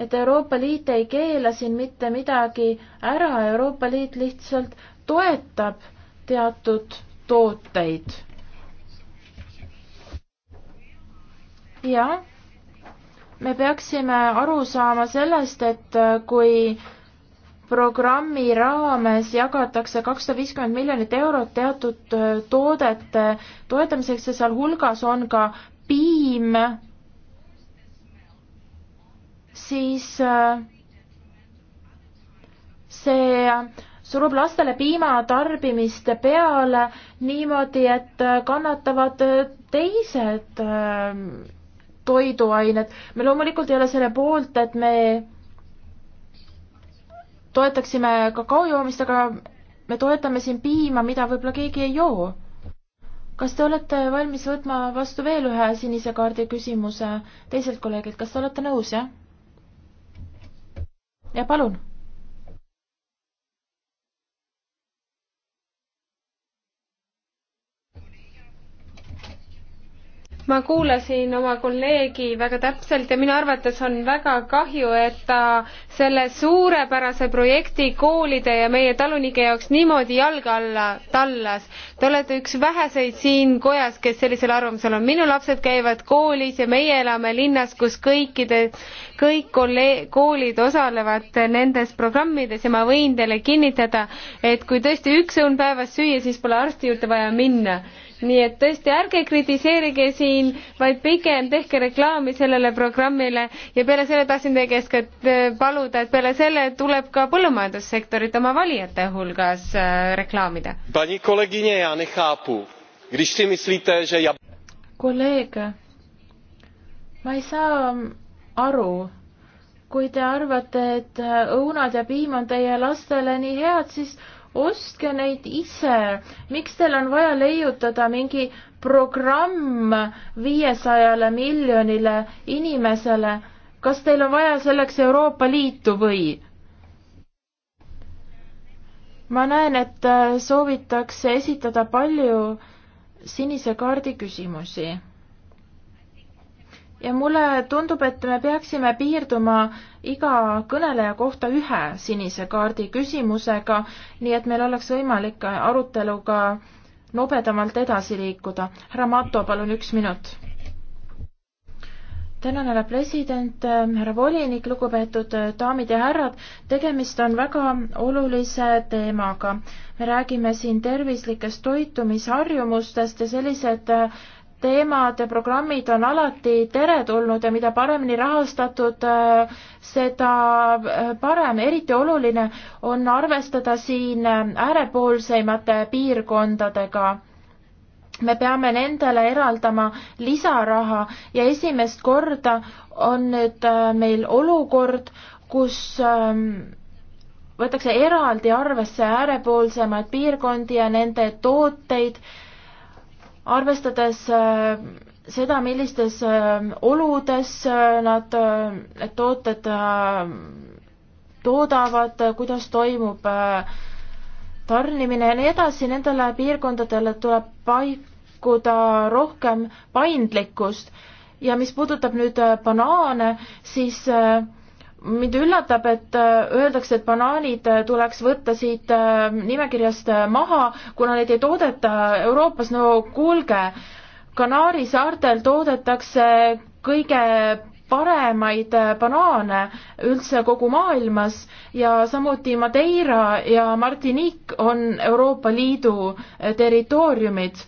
B: et Euroopa Liit ei keela siin mitte midagi ära, Euroopa Liit lihtsalt toetab teatud tooteid. jah, me peaksime aru saama sellest, et kui programmi raames jagatakse kakssada viiskümmend miljonit eurot teatud toodete toetamiseks ja sealhulgas on ka piim, siis see surub lastele piima tarbimist peale niimoodi, et kannatavad teised toiduained. me loomulikult ei ole selle poolt, et me toetaksime kakaojoomist, aga me toetame siin piima, mida võib-olla keegi ei joo. kas te olete valmis võtma vastu veel ühe sinise kaardi küsimuse teiselt kolleegilt, kas te olete nõus, jah? ja palun
C: ma kuulasin oma kolleegi väga täpselt ja minu arvates on väga kahju, et ta selle suurepärase projekti koolide ja meie talunike jaoks niimoodi jalge alla tallas. Te olete üks väheseid siin kojas, kes sellisel arvamusel on. minu lapsed käivad koolis ja meie elame linnas, kus kõikide, kõik koolid osalevad nendes programmides ja ma võin teile kinnitada, et kui tõesti üks õun päevas süüa, siis pole arsti juurde vaja minna nii et tõesti, ärge kritiseerige siin, vaid pigem tehke reklaami sellele programmile ja peale selle tahtsin teie käest ka äh, paluda, et peale selle tuleb ka põllumajandussektorit oma valijate hulgas äh,
B: reklaamida. kolleeg, ma ei saa aru kui te arvate, et õunad ja piim on teie lastele nii head, siis ostke neid ise, miks teil on vaja leiutada mingi programm viiesajale miljonile inimesele, kas teil on vaja selleks Euroopa Liitu või? ma näen, et soovitakse esitada palju sinise kaardi küsimusi ja mulle tundub, et me peaksime piirduma iga kõneleja kohta ühe sinise kaardi küsimusega, nii et meil oleks võimalik aruteluga nobedamalt edasi liikuda. härra Mato, palun üks minut. tänan, härra president, härra volinik, lugupeetud daamid ja härrad, tegemist on väga olulise teemaga. me räägime siin tervislikest toitumisharjumustest ja sellised teemad ja programmid on alati teretulnud ja mida paremini rahastatud, äh, seda äh, parem, eriti oluline on arvestada siin äh, äärepoolseimate piirkondadega me peame nendele eraldama lisaraha ja esimest korda on nüüd meil olukord, kus ähm, võetakse eraldi arvesse äärepoolsemaid piirkondi ja nende tooteid äh, arvestades äh, seda, millistes äh, oludes äh, nad, need tooted toodavad, kuidas toimub tarnimine ja nii edasi, nendele piirkondadele tuleb paikuda rohkem paindlikkust. ja mis puudutab nüüd banaane, siis äh, mind üllatab, et äh, öeldakse, et banaanid äh, tuleks võtta siit äh, nimekirjast maha, kuna neid ei toodeta Euroopas, no kuulge, Kanaari saartel toodetakse kõige paremaid banaane üldse kogu maailmas ja samuti Madeira ja Martinique on Euroopa Liidu territooriumid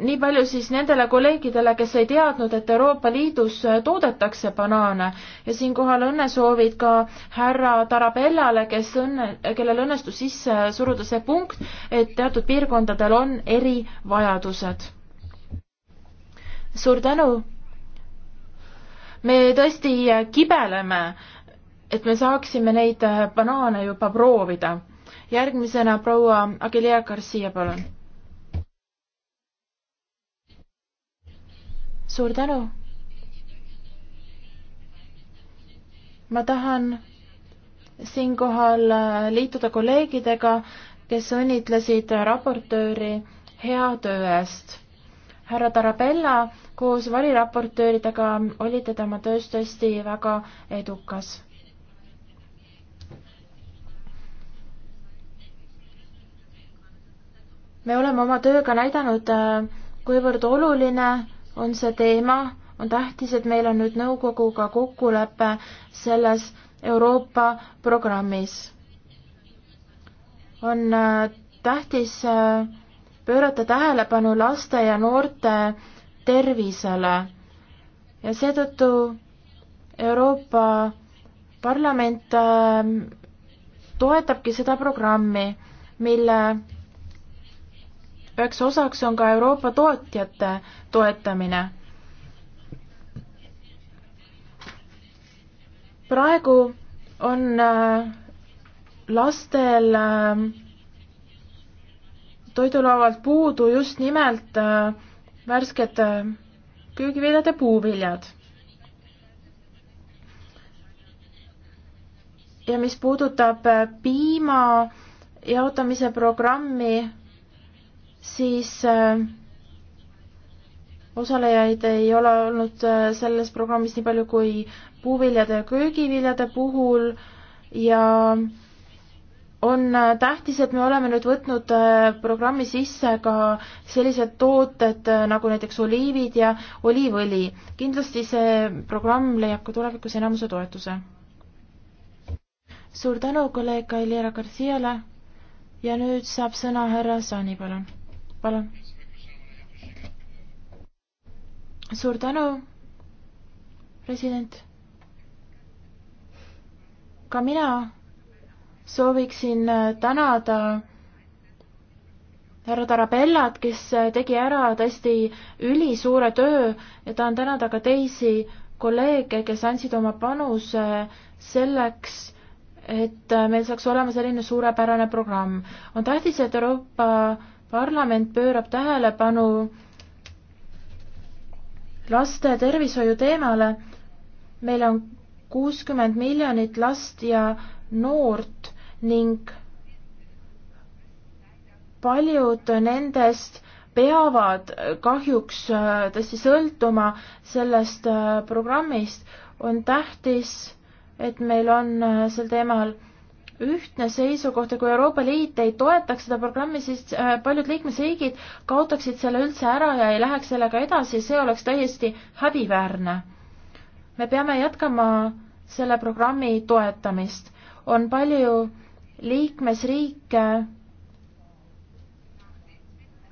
B: nii palju siis nendele kolleegidele, kes ei teadnud, et Euroopa Liidus toodetakse banaane ja siinkohal õnnesoovid ka härra Tarabellale, kes õnne, kellel õnnestus sisse suruda see punkt, et teatud piirkondadel on erivajadused. suur tänu! me tõesti kibeleme, et me saaksime neid banaane juba proovida. järgmisena proua Aguilera Garcia, palun suur tänu. ma tahan siinkohal äh, liituda kolleegidega, kes õnnitlesid raportööri hea töö eest. härra Tarabella koos variraportööridega oli teda oma töös tõesti väga edukas. me oleme oma tööga näidanud, äh, kuivõrd oluline on see teema, on tähtis, et meil on nüüd nõukoguga kokkulepe selles Euroopa programmis. on äh, tähtis äh, pöörata tähelepanu laste ja noorte tervisele ja seetõttu Euroopa Parlament äh, toetabki seda programmi, mille üheks osaks on ka Euroopa tootjate toetamine. praegu on äh, lastel äh, toidulaualt puudu just nimelt äh, värsked köögiviljad ja puuviljad. ja mis puudutab piima jaotamise programmi siis äh, osalejaid ei ole olnud äh, selles programmis nii palju kui puuviljade ja köögiviljade puhul ja on äh, tähtis, et me oleme nüüd võtnud programmi sisse ka sellised tooted nagu näiteks oliivid ja oliivõli. kindlasti see programm leiab ka tulevikus enamuse toetuse. suur tänu kolleeg Kailira Garciale ja nüüd saab sõna härra Sani, palun palun. suur tänu, president. ka mina sooviksin äh, tänada härra Tarabellat, kes äh, tegi ära tõesti ülisuure töö ja tahan tänada ka teisi kolleege, kes andsid oma panuse äh, selleks, et meil saaks olema selline suurepärane programm. on tähtis, et Euroopa parlament pöörab tähelepanu laste tervishoiu teemale. meil on kuuskümmend miljonit last ja noort ning paljud nendest peavad kahjuks äh, tõesti sõltuma sellest äh, programmist. on tähtis, et meil on äh, sel teemal ühtne seisukoht ja kui Euroopa Liit ei toetaks seda programmi, siis äh, paljud liikmesriigid kaotaksid selle üldse ära ja ei läheks sellega edasi, see oleks täiesti häbiväärne. me peame jätkama selle programmi toetamist. on palju liikmesriike,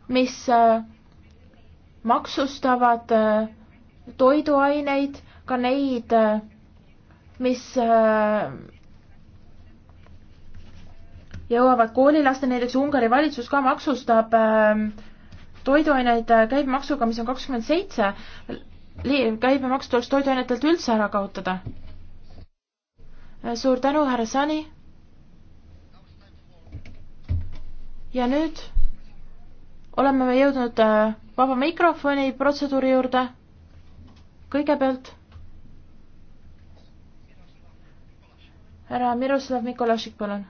B: mis äh, maksustavad äh, toiduaineid, ka neid, mis jõuavad koolilasteni, näiteks Ungari valitsus ka maksustab ähm, toiduaineid äh, käibemaksuga, mis on kakskümmend seitse, käibemaks tuleks toiduainetelt üldse ära kaotada. Äh, suur tänu, härra Sani. ja nüüd oleme me jõudnud äh, vaba mikrofoni protseduuri juurde. kõigepealt härra Miroslav Mikolašik, palun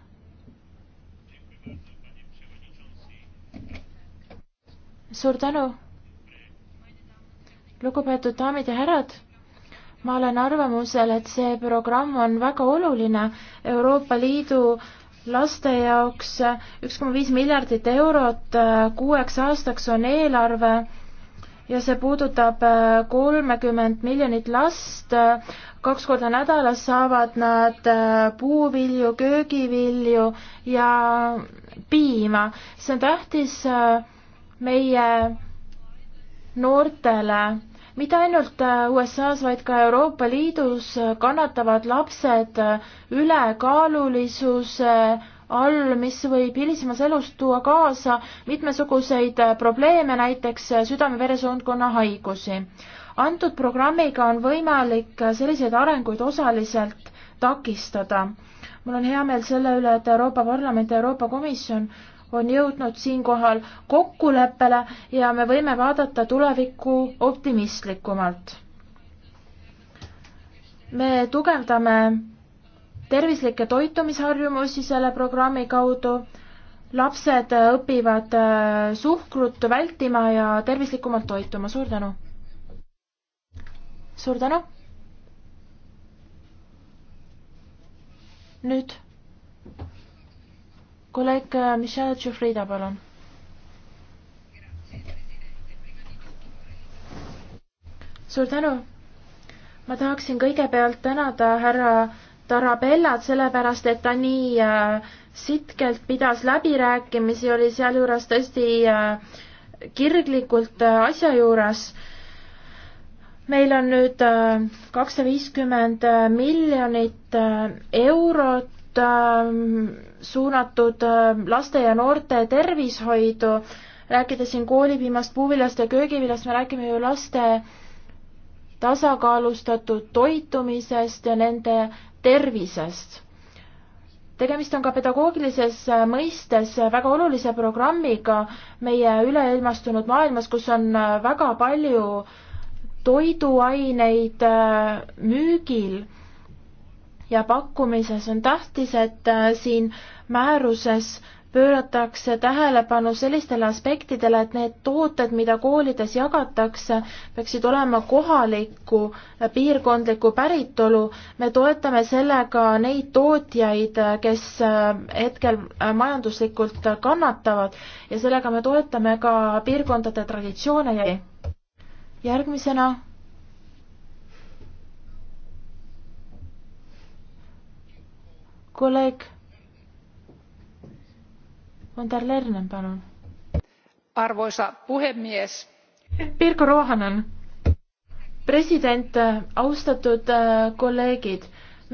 B: suur tänu. lugupeetud daamid ja härrad, ma olen arvamusel, et see programm on väga oluline Euroopa Liidu laste jaoks üks koma viis miljardit eurot äh, kuueks aastaks on eelarve ja see puudutab äh, kolmekümmend miljonit last. kaks korda nädalas saavad nad äh, puuvilju, köögivilju ja piima. see on tähtis äh, meie noortele, mitte ainult USA-s, vaid ka Euroopa Liidus kannatavad lapsed ülekaalulisuse all, mis võib hilisemas elus tuua kaasa mitmesuguseid probleeme, näiteks südame-veresoonkonna haigusi. antud programmiga on võimalik selliseid arenguid osaliselt takistada. mul on hea meel selle üle, et Euroopa Parlament ja Euroopa Komisjon on jõudnud siinkohal kokkuleppele ja me võime vaadata tulevikku optimistlikumalt. me tugevdame tervislikke toitumisharjumusi selle programmi kaudu, lapsed õpivad äh, suhkrut vältima ja tervislikumalt toituma, suur tänu! suur tänu! nüüd kolleeg äh, Michelle Tšufrida, palun. suur tänu. ma tahaksin kõigepealt tänada härra Tarabellat, sellepärast et ta nii äh, sitkelt pidas läbirääkimisi, oli sealjuures tõesti äh, kirglikult äh, asja juures. meil on nüüd äh, kakssada viiskümmend äh, miljonit eurot suunatud äh, laste ja noorte tervishoidu, rääkides siin koolipiimast, puuviljast ja köögiviljast, me räägime ju laste tasakaalustatud toitumisest ja nende tervisest. tegemist on ka pedagoogilises äh, mõistes äh, väga olulise programmiga meie üleilmastunud maailmas, kus on väga palju toiduaineid müügil ja pakkumises on tähtis, et äh, siin määruses pööratakse tähelepanu sellistele aspektidele, et need tooted, mida koolides jagatakse, peaksid olema kohaliku, äh, piirkondliku päritolu. me toetame sellega neid tootjaid, äh, kes hetkel majanduslikult kannatavad ja sellega me toetame ka piirkondade traditsioone ja järgmisena kolleeg von der Lernen, palun.
A: arvoisa puhemies.
B: Pirko Ruohonen. president, äh, austatud äh, kolleegid,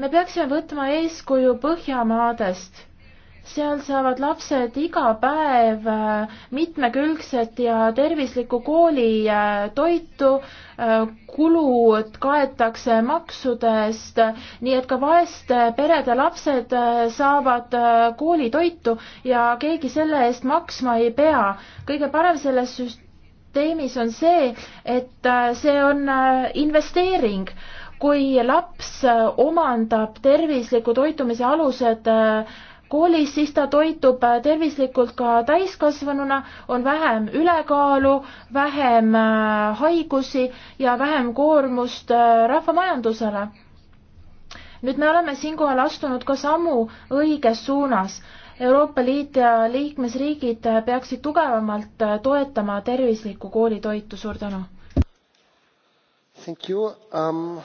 B: me peaksime võtma eeskuju Põhjamaadest seal saavad lapsed iga päev äh, mitmekülgset ja tervislikku koolitoitu, äh, äh, kulud kaetakse maksudest, nii et ka vaeste perede lapsed saavad koolitoitu ja keegi selle eest maksma ei pea. kõige parem selles süsteemis on see, et see on investeering kui laps omandab tervisliku toitumise alused äh, koolis, siis ta toitub äh, tervislikult ka täiskasvanuna, on vähem ülekaalu, vähem äh, haigusi ja vähem koormust äh, rahvamajandusele. nüüd me oleme siinkohal astunud ka sammu õiges suunas. Euroopa Liit ja liikmesriigid peaksid tugevamalt toetama tervislikku koolitoitu, suur tänu.
C: Thank you um,.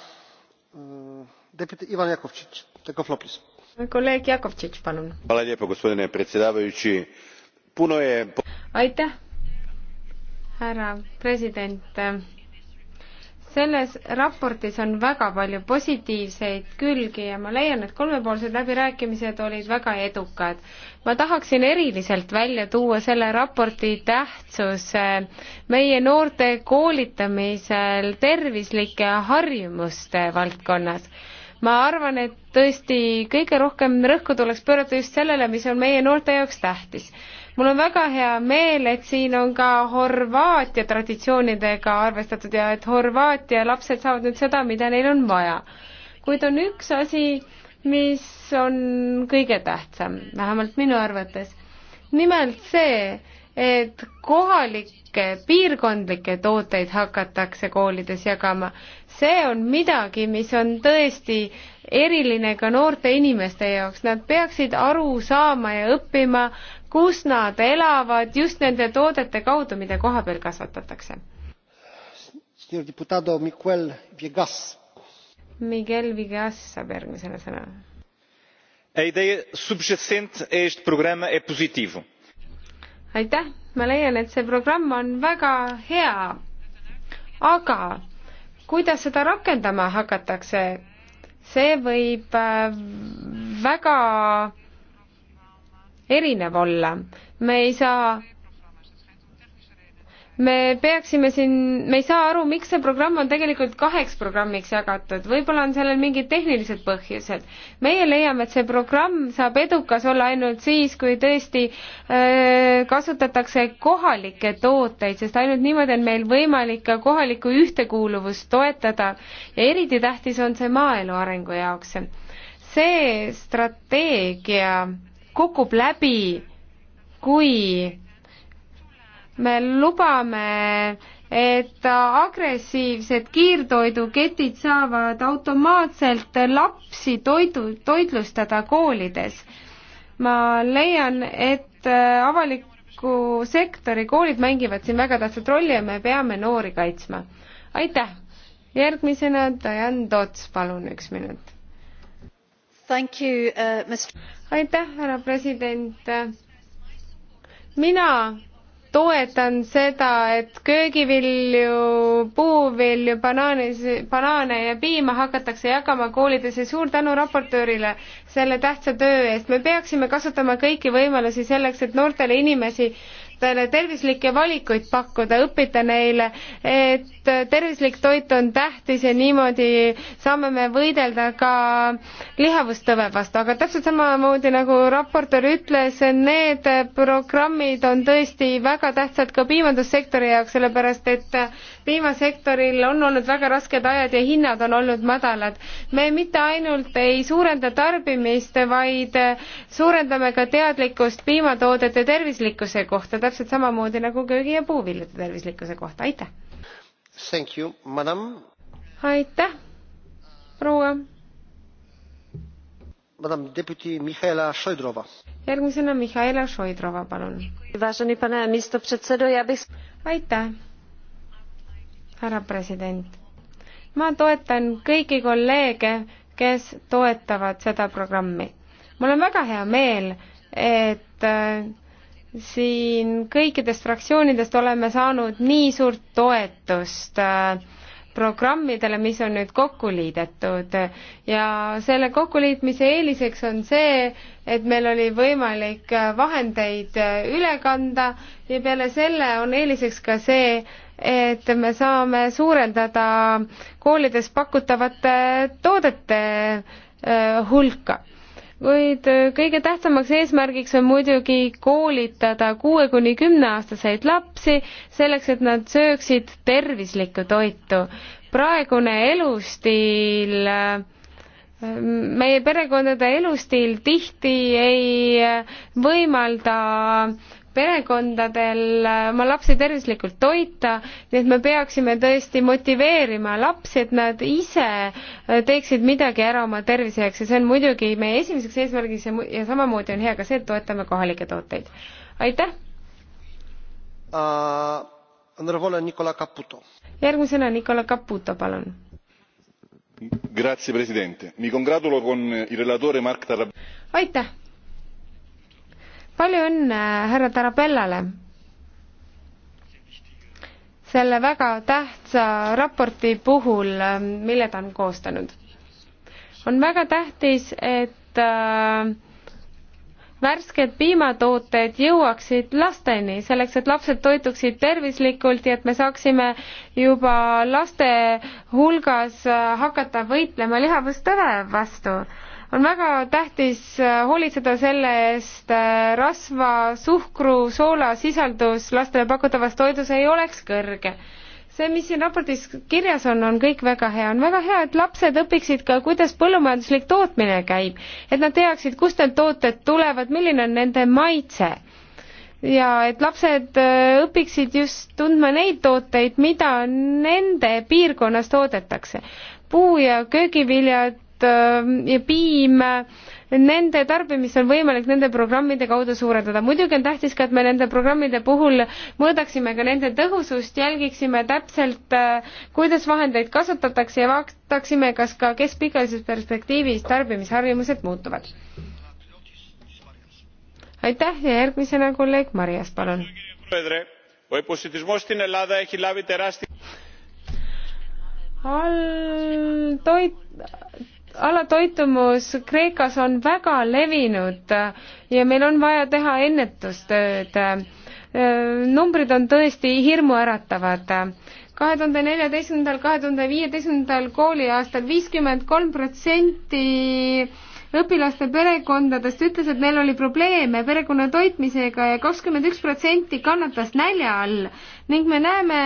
C: Mm, deputy Ivan Jakovtšitš, Tekoflopis kolleeg Jakovtšitš, palun. aitäh, härra president selles raportis on väga palju positiivseid külgi ja ma leian, et kolmepoolsed läbirääkimised olid väga edukad. ma tahaksin eriliselt välja tuua selle raporti tähtsuse meie noorte koolitamisel tervislike harjumuste valdkonnas ma arvan, et tõesti kõige rohkem rõhku tuleks pöörata just sellele, mis on meie noorte jaoks tähtis. mul on väga hea meel, et siin on ka Horvaatia traditsioonidega arvestatud ja et Horvaatia lapsed saavad nüüd seda, mida neil on vaja. kuid on üks asi, mis on kõige tähtsam, vähemalt minu arvates. nimelt see, et kohalikke piirkondlikke tooteid hakatakse koolides jagama. see on midagi, mis on tõesti eriline ka noorte inimeste jaoks, nad peaksid aru saama ja õppima, kus nad elavad just nende toodete kaudu, mida koha peal kasvatatakse. Miguel Vigas saab järgmisena sõna.
B: A ideia subjacente a este programa é positivo
C: aitäh, ma leian, et see programm on väga hea, aga kuidas seda rakendama hakatakse, see võib äh, väga erinev olla. me ei saa me peaksime siin, me ei saa aru, miks see programm on tegelikult kaheks programmiks jagatud, võib-olla on sellel mingid tehnilised põhjused. meie leiame, et see programm saab edukas olla ainult siis, kui tõesti öö, kasutatakse kohalikke tooteid, sest ainult niimoodi on meil võimalik ka kohalikku ühtekuuluvust toetada ja eriti tähtis on see maaelu arengu jaoks. see strateegia kukub läbi, kui me lubame, et agressiivsed kiirtoiduketid saavad automaatselt lapsi toidu, toitlustada koolides. ma leian, et äh, avaliku sektori koolid mängivad siin väga tähtsat rolli ja me peame noori kaitsma. aitäh! järgmisena Diane Tots, palun üks minut. Uh, aitäh, härra president! mina toetan seda, et köögivilju, puuvilju, banaanis, banaane ja piima hakatakse jagama koolides ja suur tänu raportöörile selle tähtsa töö eest. me peaksime kasutama kõiki võimalusi selleks, et noortele inimesi lastele tervislikke valikuid pakkuda, õppida neile, et tervislik toit on tähtis ja niimoodi saame me võidelda ka lihavustõve vastu, aga täpselt samamoodi nagu raportöör ütles, need programmid on tõesti väga tähtsad ka piimandussektori jaoks, sellepärast et piimasektoril on olnud väga rasked ajad ja hinnad on olnud madalad. me mitte ainult ei suurenda tarbimist, vaid suurendame ka teadlikkust piimatoodete tervislikkuse kohta täpselt samamoodi nagu köögi ja puuviljade tervislikkuse kohta, aitäh! aitäh, proua! järgmisena Mihhaila Šoidrova, palun. aitäh, härra president. ma toetan kõiki kolleege, kes toetavad seda programmi. mul on väga hea meel, et äh, siin kõikidest fraktsioonidest oleme saanud nii suurt toetust äh, programmidele, mis on nüüd kokku liidetud ja selle kokkuliitmise eeliseks on see, et meil oli võimalik äh, vahendeid äh, üle kanda ja peale selle on eeliseks ka see, et me saame suurendada koolides pakutavate toodete hulka kuid äh, kõige tähtsamaks eesmärgiks on muidugi koolitada kuue kuni kümneaastaseid lapsi selleks, et nad sööksid tervislikku toitu. praegune elustiil, äh, meie perekondade elustiil tihti ei äh, võimalda perekondadel oma lapsi tervislikult toita, nii et me peaksime tõesti motiveerima lapsi, et nad ise teeksid midagi ära oma tervise jaoks ja see on muidugi meie esimeseks eesmärgiks ja, ja samamoodi on hea ka see, et toetame kohalikke tooteid. aitäh uh,! järgmisena Nicola Caputo, palun. aitäh! palju õnne härra Tarabellale selle väga tähtsa raporti puhul, mille ta on koostanud. on väga tähtis, et äh, värsked piimatooted jõuaksid lasteni, selleks et lapsed toituksid tervislikult ja et me saaksime juba laste hulgas äh, hakata võitlema lihavustõve vastu on väga tähtis äh, hoolitseda selle eest, äh, rasva, suhkru, soola sisaldus lastele pakutavas toidus ei oleks kõrge. see, mis siin raportis kirjas on, on kõik väga hea. on väga hea, et lapsed õpiksid ka, kuidas põllumajanduslik tootmine käib, et nad teaksid, kust need tooted tulevad, milline on nende maitse ja et lapsed äh, õpiksid just tundma neid tooteid, mida nende piirkonnas toodetakse puu- ja köögiviljad Ähm, ja piim nende tarbimist on võimalik nende programmide kaudu suurendada. muidugi on tähtis ka, et me nende programmide puhul mõõdaksime ka nende tõhusust, jälgiksime täpselt, äh, kuidas vahendeid kasutatakse ja vaataksime, kas ka keskpikalises perspektiivis tarbimisharjumused muutuvad. aitäh ja järgmisena kolleeg Marias, palun. all toit alatoitumus Kreekas on väga levinud ja meil on vaja teha ennetustööd. numbrid on tõesti hirmuäratavad. kahe tuhande neljateistkümnendal, kahe tuhande viieteistkümnendal kooliaastal viiskümmend kolm protsenti õpilaste perekondadest ütles, et neil oli probleeme perekonna toitmisega ja kakskümmend üks protsenti kannatas nälja all ning me näeme,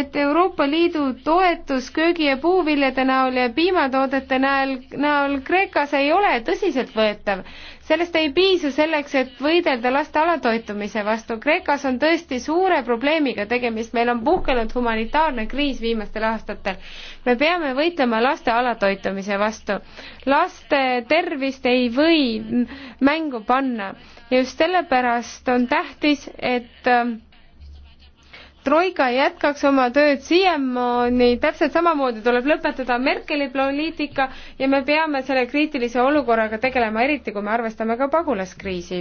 C: et Euroopa Liidu toetus köögi- ja puuviljade näol ja piimatoodete näol, näol Kreekas ei ole tõsiseltvõetav sellest ei piisa selleks, et võidelda laste alatoitumise vastu. Kreekas on tõesti suure probleemiga tegemist, meil on puhkenud humanitaarne kriis viimastel aastatel. me peame võitlema laste alatoitumise vastu. laste tervist ei või mängu panna ja just sellepärast on tähtis, et troika jätkaks oma tööd siiamaani, täpselt samamoodi tuleb lõpetada Merkeli poliitika ja me peame selle kriitilise olukorraga tegelema, eriti kui me arvestame ka pagulaskriisi.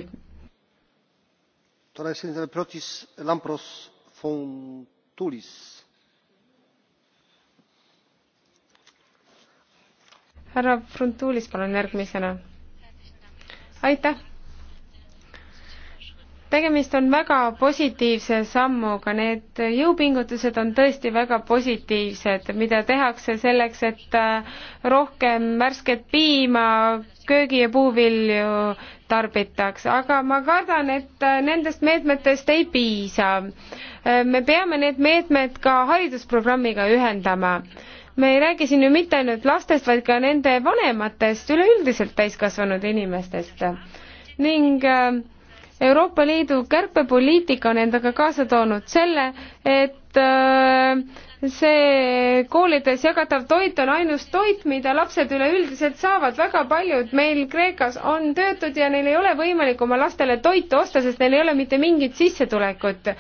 C: härra Fruntulis, palun järgmisena. aitäh tegemist on väga positiivse sammuga, need jõupingutused on tõesti väga positiivsed, mida tehakse selleks, et äh, rohkem värsket piima, köögi- ja puuvilju tarbitakse, aga ma kardan, et äh, nendest meetmetest ei piisa. Äh, me peame need meetmed ka haridusprogrammiga ühendama me ei räägi siin ju mitte ainult lastest, vaid ka nende vanematest, üleüldiselt täiskasvanud inimestest. ning äh, Euroopa Liidu kärpepoliitika on endaga kaasa toonud selle, et äh, see koolides jagatav toit on ainus toit, mida lapsed üleüldiselt saavad. väga paljud meil Kreekas on töötud ja neil ei ole võimalik oma lastele toitu osta, sest neil ei ole mitte mingit sissetulekut.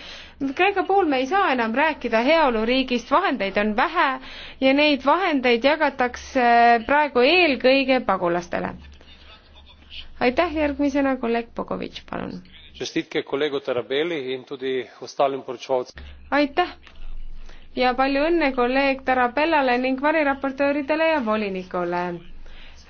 C: Kreeka puhul me ei saa enam rääkida heaoluriigist, vahendeid on vähe ja neid vahendeid jagatakse praegu eelkõige pagulastele aitäh, järgmisena kolleeg Bogovitš, palun. aitäh ja palju õnne kolleeg Tarabellale ning variraportööridele ja volinikule.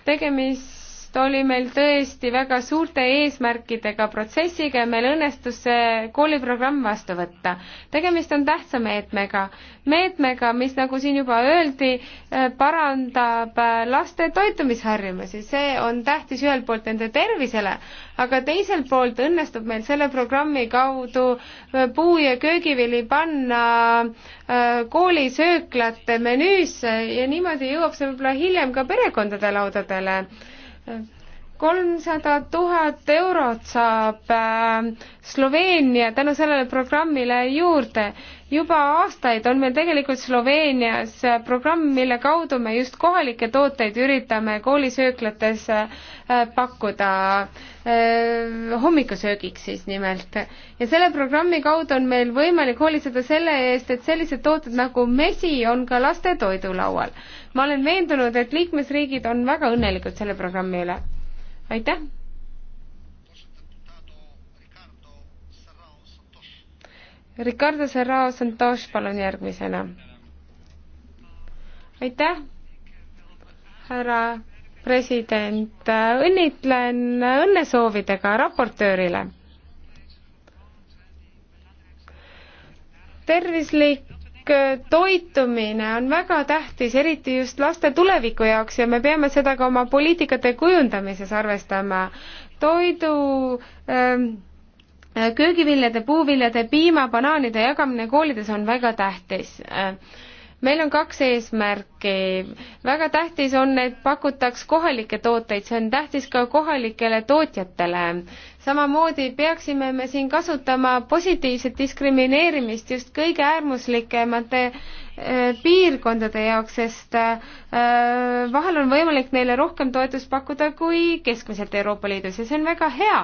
C: tegemist oli meil tõesti väga suurte eesmärkidega protsessiga ja meil õnnestus see kooliprogramm vastu võtta. tegemist on tähtsa meetmega, meetmega, mis nagu siin juba öeldi, eh, parandab eh, laste toitumisharjumusi, see on tähtis ühelt poolt nende tervisele, aga teiselt poolt õnnestub meil selle programmi kaudu eh, puu- ja köögivili panna koolisööklate menüüsse ja niimoodi jõuab see võib-olla hiljem ka perekondade laudadele kolmsada tuhat eurot saab äh, Sloveenia tänu sellele programmile juurde juba aastaid on meil tegelikult Sloveenias programm, mille kaudu me just kohalikke tooteid üritame koolisööklates äh, pakkuda äh, hommikusöögiks siis nimelt. ja selle programmi kaudu on meil võimalik hoolitseda selle eest, et sellised tooted nagu mesi on ka laste toidulaual. ma olen veendunud, et liikmesriigid on väga õnnelikud selle programmi üle. aitäh! Ricardo Serrao Santos, palun järgmisena. aitäh, härra president, õnnitlen õnnesoovidega raportöörile. tervislik toitumine on väga tähtis, eriti just laste tuleviku jaoks ja me peame seda ka oma poliitikate kujundamises arvestama. toidu ähm, köögiviljade, puuviljade, piima, banaanide jagamine koolides on väga tähtis meil on kaks eesmärki. väga tähtis on, et pakutaks kohalikke tooteid, see on tähtis ka kohalikele tootjatele. samamoodi peaksime me siin kasutama positiivset diskrimineerimist just kõige äärmuslikemate Eh, piirkondade jaoks, sest eh, vahel on võimalik neile rohkem toetust pakkuda kui keskmiselt Euroopa Liidus ja see on väga hea.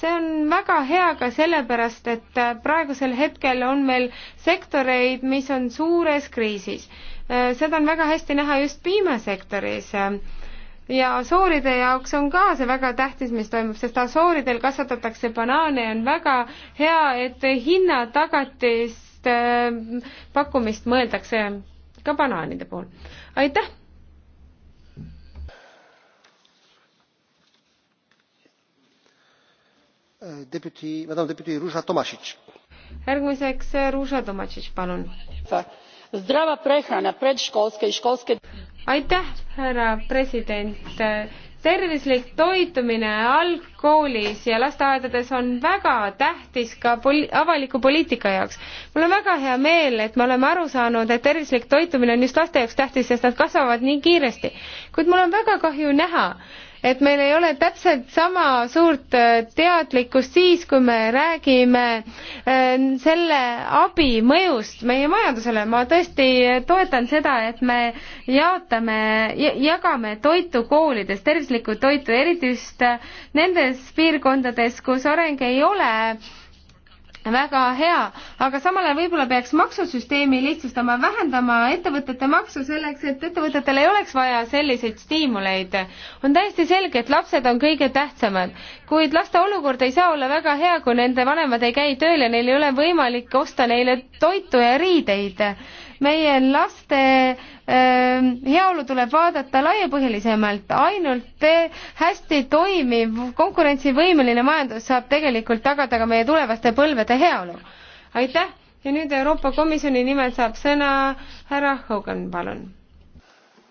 C: see on väga hea ka sellepärast, et eh, praegusel hetkel on meil sektoreid, mis on suures kriisis. seda on väga hästi näha just piimasektoris ja Asooride jaoks on ka see väga tähtis, mis toimub, sest Asooridel kasvatatakse banaane ja on väga hea, et hinnatagatis sellist eh, pakkumist mõeldakse ka banaanide puhul. aitäh! järgmiseks eh, ruža tomašić palun! zdrava prehrana predškolske i školske. aitäh härra president! tervislik toitumine algkoolis ja lasteaedades on väga tähtis ka poli avaliku poliitika jaoks. mul on väga hea meel, et me oleme aru saanud, et tervislik toitumine on just laste jaoks tähtis, sest nad kasvavad nii kiiresti. kuid mul on väga kahju näha, et meil ei ole täpselt sama suurt äh, teadlikkust siis, kui me räägime äh, selle abi mõjust meie majandusele. ma tõesti toetan seda, et me jaotame, jagame toitu koolides, tervislikku toitu, eriti just äh, nendes piirkondades, kus areng ei ole väga hea, aga samal ajal võib-olla peaks maksusüsteemi lihtsustama, vähendama ettevõtete maksu selleks, et ettevõtetel ei oleks vaja selliseid stiimuleid. on täiesti selge, et lapsed on kõige tähtsamad, kuid laste olukord ei saa olla väga hea, kui nende vanemad ei käi tööl ja neil ei ole võimalik osta neile toitu ja riideid meie laste ähm, heaolu tuleb vaadata laiapõhjalisemalt, ainult hästi toimiv konkurentsivõimeline majandus saab tegelikult tagada ka meie tulevaste põlvede heaolu. aitäh ja nüüd Euroopa Komisjoni nimel saab sõna härra Hogan, palun.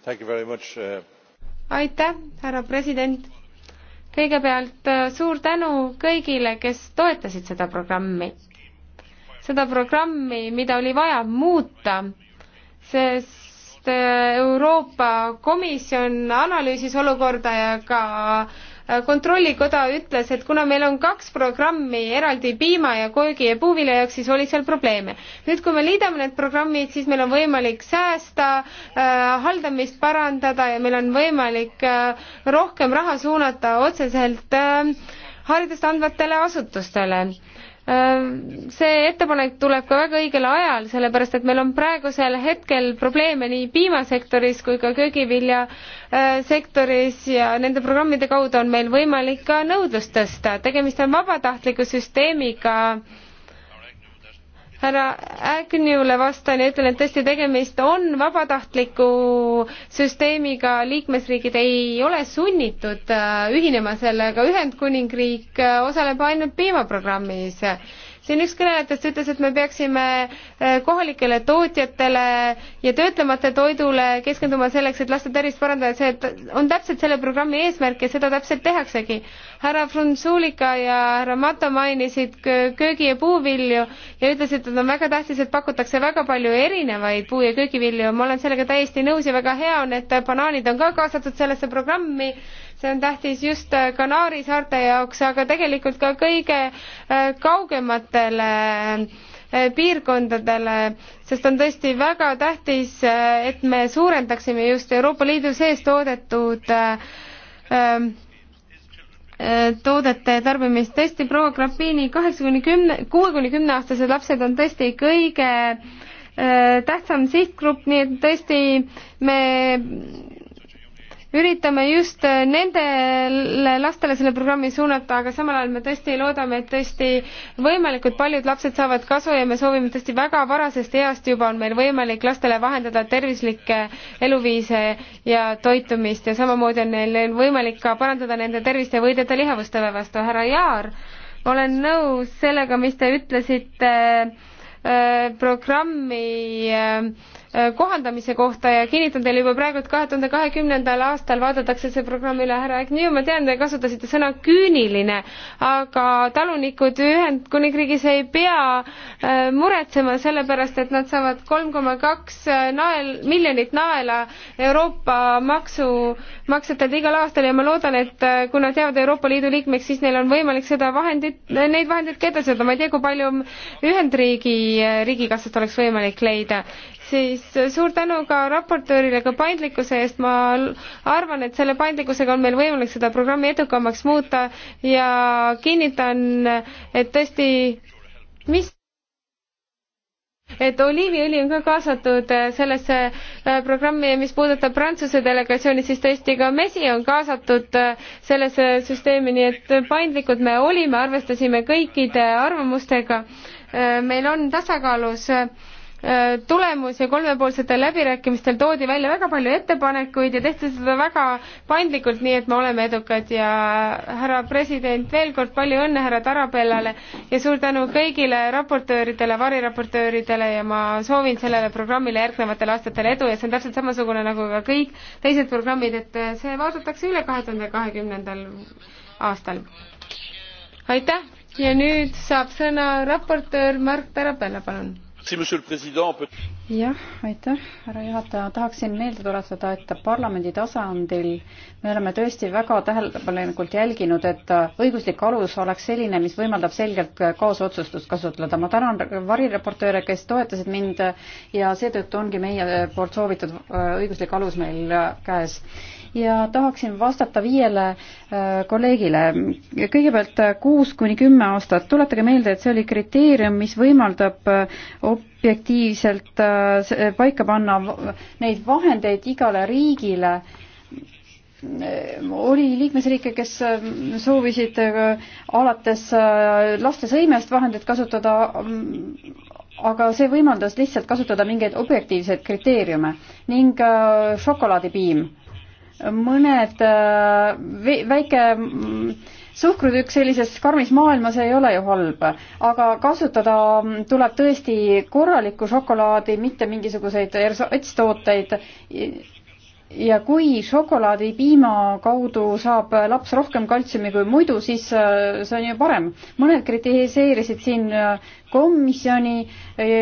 A: Uh,
C: aitäh, härra president. kõigepealt uh, suur tänu kõigile, kes toetasid seda programmi seda programmi, mida oli vaja muuta, sest äh, Euroopa Komisjon analüüsis olukorda ja ka äh, kontrollikoda ütles, et kuna meil on kaks programmi eraldi piima ja köögi ja puuvilja jaoks, siis oli seal probleeme. nüüd, kui me liidame need programmid, siis meil on võimalik säästa äh,, haldamist parandada ja meil on võimalik äh, rohkem raha suunata otseselt äh, haridust andvatele asutustele Ehm, see ettepanek tuleb ka väga õigel ajal, sellepärast et meil on praegusel hetkel probleeme nii piimasektoris kui ka köögiviljasektoris äh, ja nende programmide kaudu on meil võimalik ka nõudlust tõsta. tegemist on vabatahtliku süsteemiga äh, härra Agnew'le vastan ja ütlen, et tõesti tegemist on vabatahtliku süsteemiga, liikmesriigid ei ole sunnitud äh, ühinema sellega, Ühendkuningriik äh, osaleb ainult piimaprogrammis siin üks kõnelejatest ütles, et me peaksime eh, kohalikele tootjatele ja töötlemata toidule keskenduma selleks, et laste tervist parandada, see on täpselt selle programmi eesmärk ja seda täpselt tehaksegi. härra Frunzulika ja härra Mato mainisid köögi ja puuvilju ja ütlesid, et on väga tähtis, et pakutakse väga palju erinevaid puu- ja köögivilju, ma olen sellega täiesti nõus ja väga hea on, et banaanid on ka kaasatud sellesse programmi see on tähtis just äh, Kanaari saarte jaoks, aga tegelikult ka kõige äh, kaugematele äh, piirkondadele, sest on tõesti väga tähtis, et me suurendaksime just Euroopa Liidu sees toodetud toodete tarbimist. tõesti, proua Grapini, kaheksa kuni kümne, kuue kuni kümneaastased lapsed on tõesti kõige tähtsam sihtgrupp, nii et tõesti me üritame just nendele lastele selle programmi suunata, aga samal ajal me tõesti loodame, et tõesti võimalikult paljud lapsed saavad kasu ja me soovime tõesti väga varasest east juba on meil võimalik lastele vahendada tervislikke eluviise ja toitumist ja samamoodi on neil võimalik ka parandada nende tervist ja võidelda lihavustele vastu. härra Jaar, olen nõus sellega, mis te ütlesite äh, programmi äh, Äh, kohandamise kohta ja kinnitan teile juba praegu, et kahe tuhande kahekümnendal aastal vaadatakse see programm üle, härra Agnew, ma tean, te kasutasite sõna küüniline, aga talunikud Ühendkuningriigis ei pea äh, muretsema sellepärast, et nad saavad kolm koma kaks äh, nael, miljonit naela Euroopa maksumaksjatelt igal aastal ja ma loodan, et kui nad jäävad Euroopa Liidu liikmeks, siis neil on võimalik seda vahendit, neid vahendeid ka edasi anda, ma ei tea, kui palju Ühendriigi riigikassast oleks võimalik leida siis suur tänu ka raportöörile ka paindlikkuse eest, ma arvan, et selle paindlikkusega on meil võimalik seda programmi edukamaks muuta ja kinnitan, et tõesti, mis et oliiviõli on ka kaasatud sellesse äh, programmi ja mis puudutab Prantsuse delegatsiooni, siis tõesti ka mesi on kaasatud äh, sellesse süsteemi, nii et paindlikud me olime, arvestasime kõikide arvamustega. Äh, meil on tasakaalus äh, tulemus ja kolmepoolsetel läbirääkimistel toodi välja väga palju ettepanekuid ja tehti seda väga paindlikult, nii et me oleme edukad ja härra president, veel kord palju õnne härra Tarabellale ja suur tänu kõigile raportööridele, variraportööridele ja ma soovin sellele programmile järgnevatel aastatel edu ja see on täpselt samasugune nagu ka kõik teised programmid, et see vaadatakse üle kahe tuhande kahekümnendal aastal. aitäh ja nüüd saab sõna raportöör Mark Tarabella,
A: palun jah, aitäh, härra juhataja, tahaksin meelde tuletada, et parlamendi tasandil me oleme tõesti väga tähelepanelikult jälginud, et õiguslik alus oleks selline, mis võimaldab selgelt kaasotsustust kasutada. ma tänan varireportööre, kes toetasid mind ja seetõttu ongi meie poolt soovitud õiguslik alus meil käes ja tahaksin vastata viiele äh, kolleegile. kõigepealt kuus kuni kümme aastat, tuletage meelde, et see oli kriteerium, mis võimaldab äh, objektiivselt äh, paika panna neid vahendeid igale riigile oli liikmesriike, kes äh, soovisid äh, alates laste sõimest vahendeid kasutada, mm, aga see võimaldas lihtsalt kasutada mingeid objektiivseid kriteeriume ning šokolaadipiim. mõned väike mm, suhkrutükk sellises karmis maailmas ei ole ju halb, aga kasutada tuleb tõesti korralikku šokolaadi, mitte mingisuguseid ersootstooteid. ja kui šokolaadipiima kaudu saab laps rohkem kaltsiumi kui muidu, siis äh, see on ju parem. mõned kritiseerisid siin äh, komisjoni,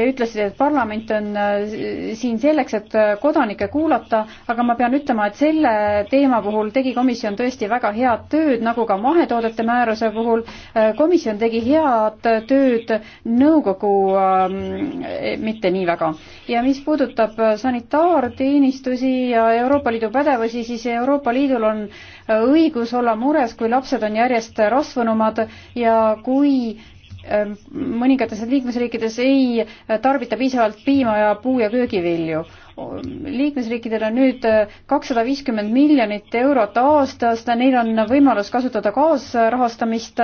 A: ütlesid, et parlament on äh, siin selleks, et äh, kodanikke kuulata, aga ma pean ütlema, et selle teema puhul tegi komisjon tõesti väga head tööd, nagu ka mahetoodete määruse puhul. Äh, komisjon tegi head tööd, nõukogu ähm, eh, mitte nii väga. ja mis puudutab sanitaarteenistusi ja Euroopa Liidu pädevusi, siis Euroopa Liidul on õigus olla mures, kui lapsed on järjest rasvunumad ja kui Äh, mõningates liikmesriikides ei äh, tarbita piisavalt piima ja puu- ja köögivilju. liikmesriikidel on nüüd äh, kakssada viiskümmend miljonit eurot aastas, neil on võimalus kasutada kaasrahastamist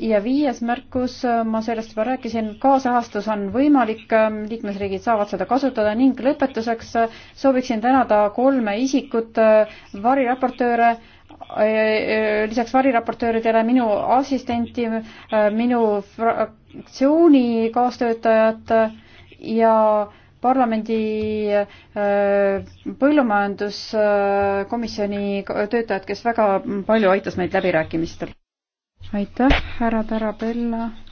A: ja viies märkus, ma sellest juba rääkisin, kaasrahastus on võimalik, liikmesriigid saavad seda kasutada ning lõpetuseks sooviksin tänada kolme isikut, variraportööre Äh, äh, lisaks variraportööridele minu assistenti, äh, minu fraktsiooni kaastöötajat ja parlamendi põllumajanduskomisjoni töötajad, kes väga palju aitas meid läbirääkimistel. aitäh, härra Tarabella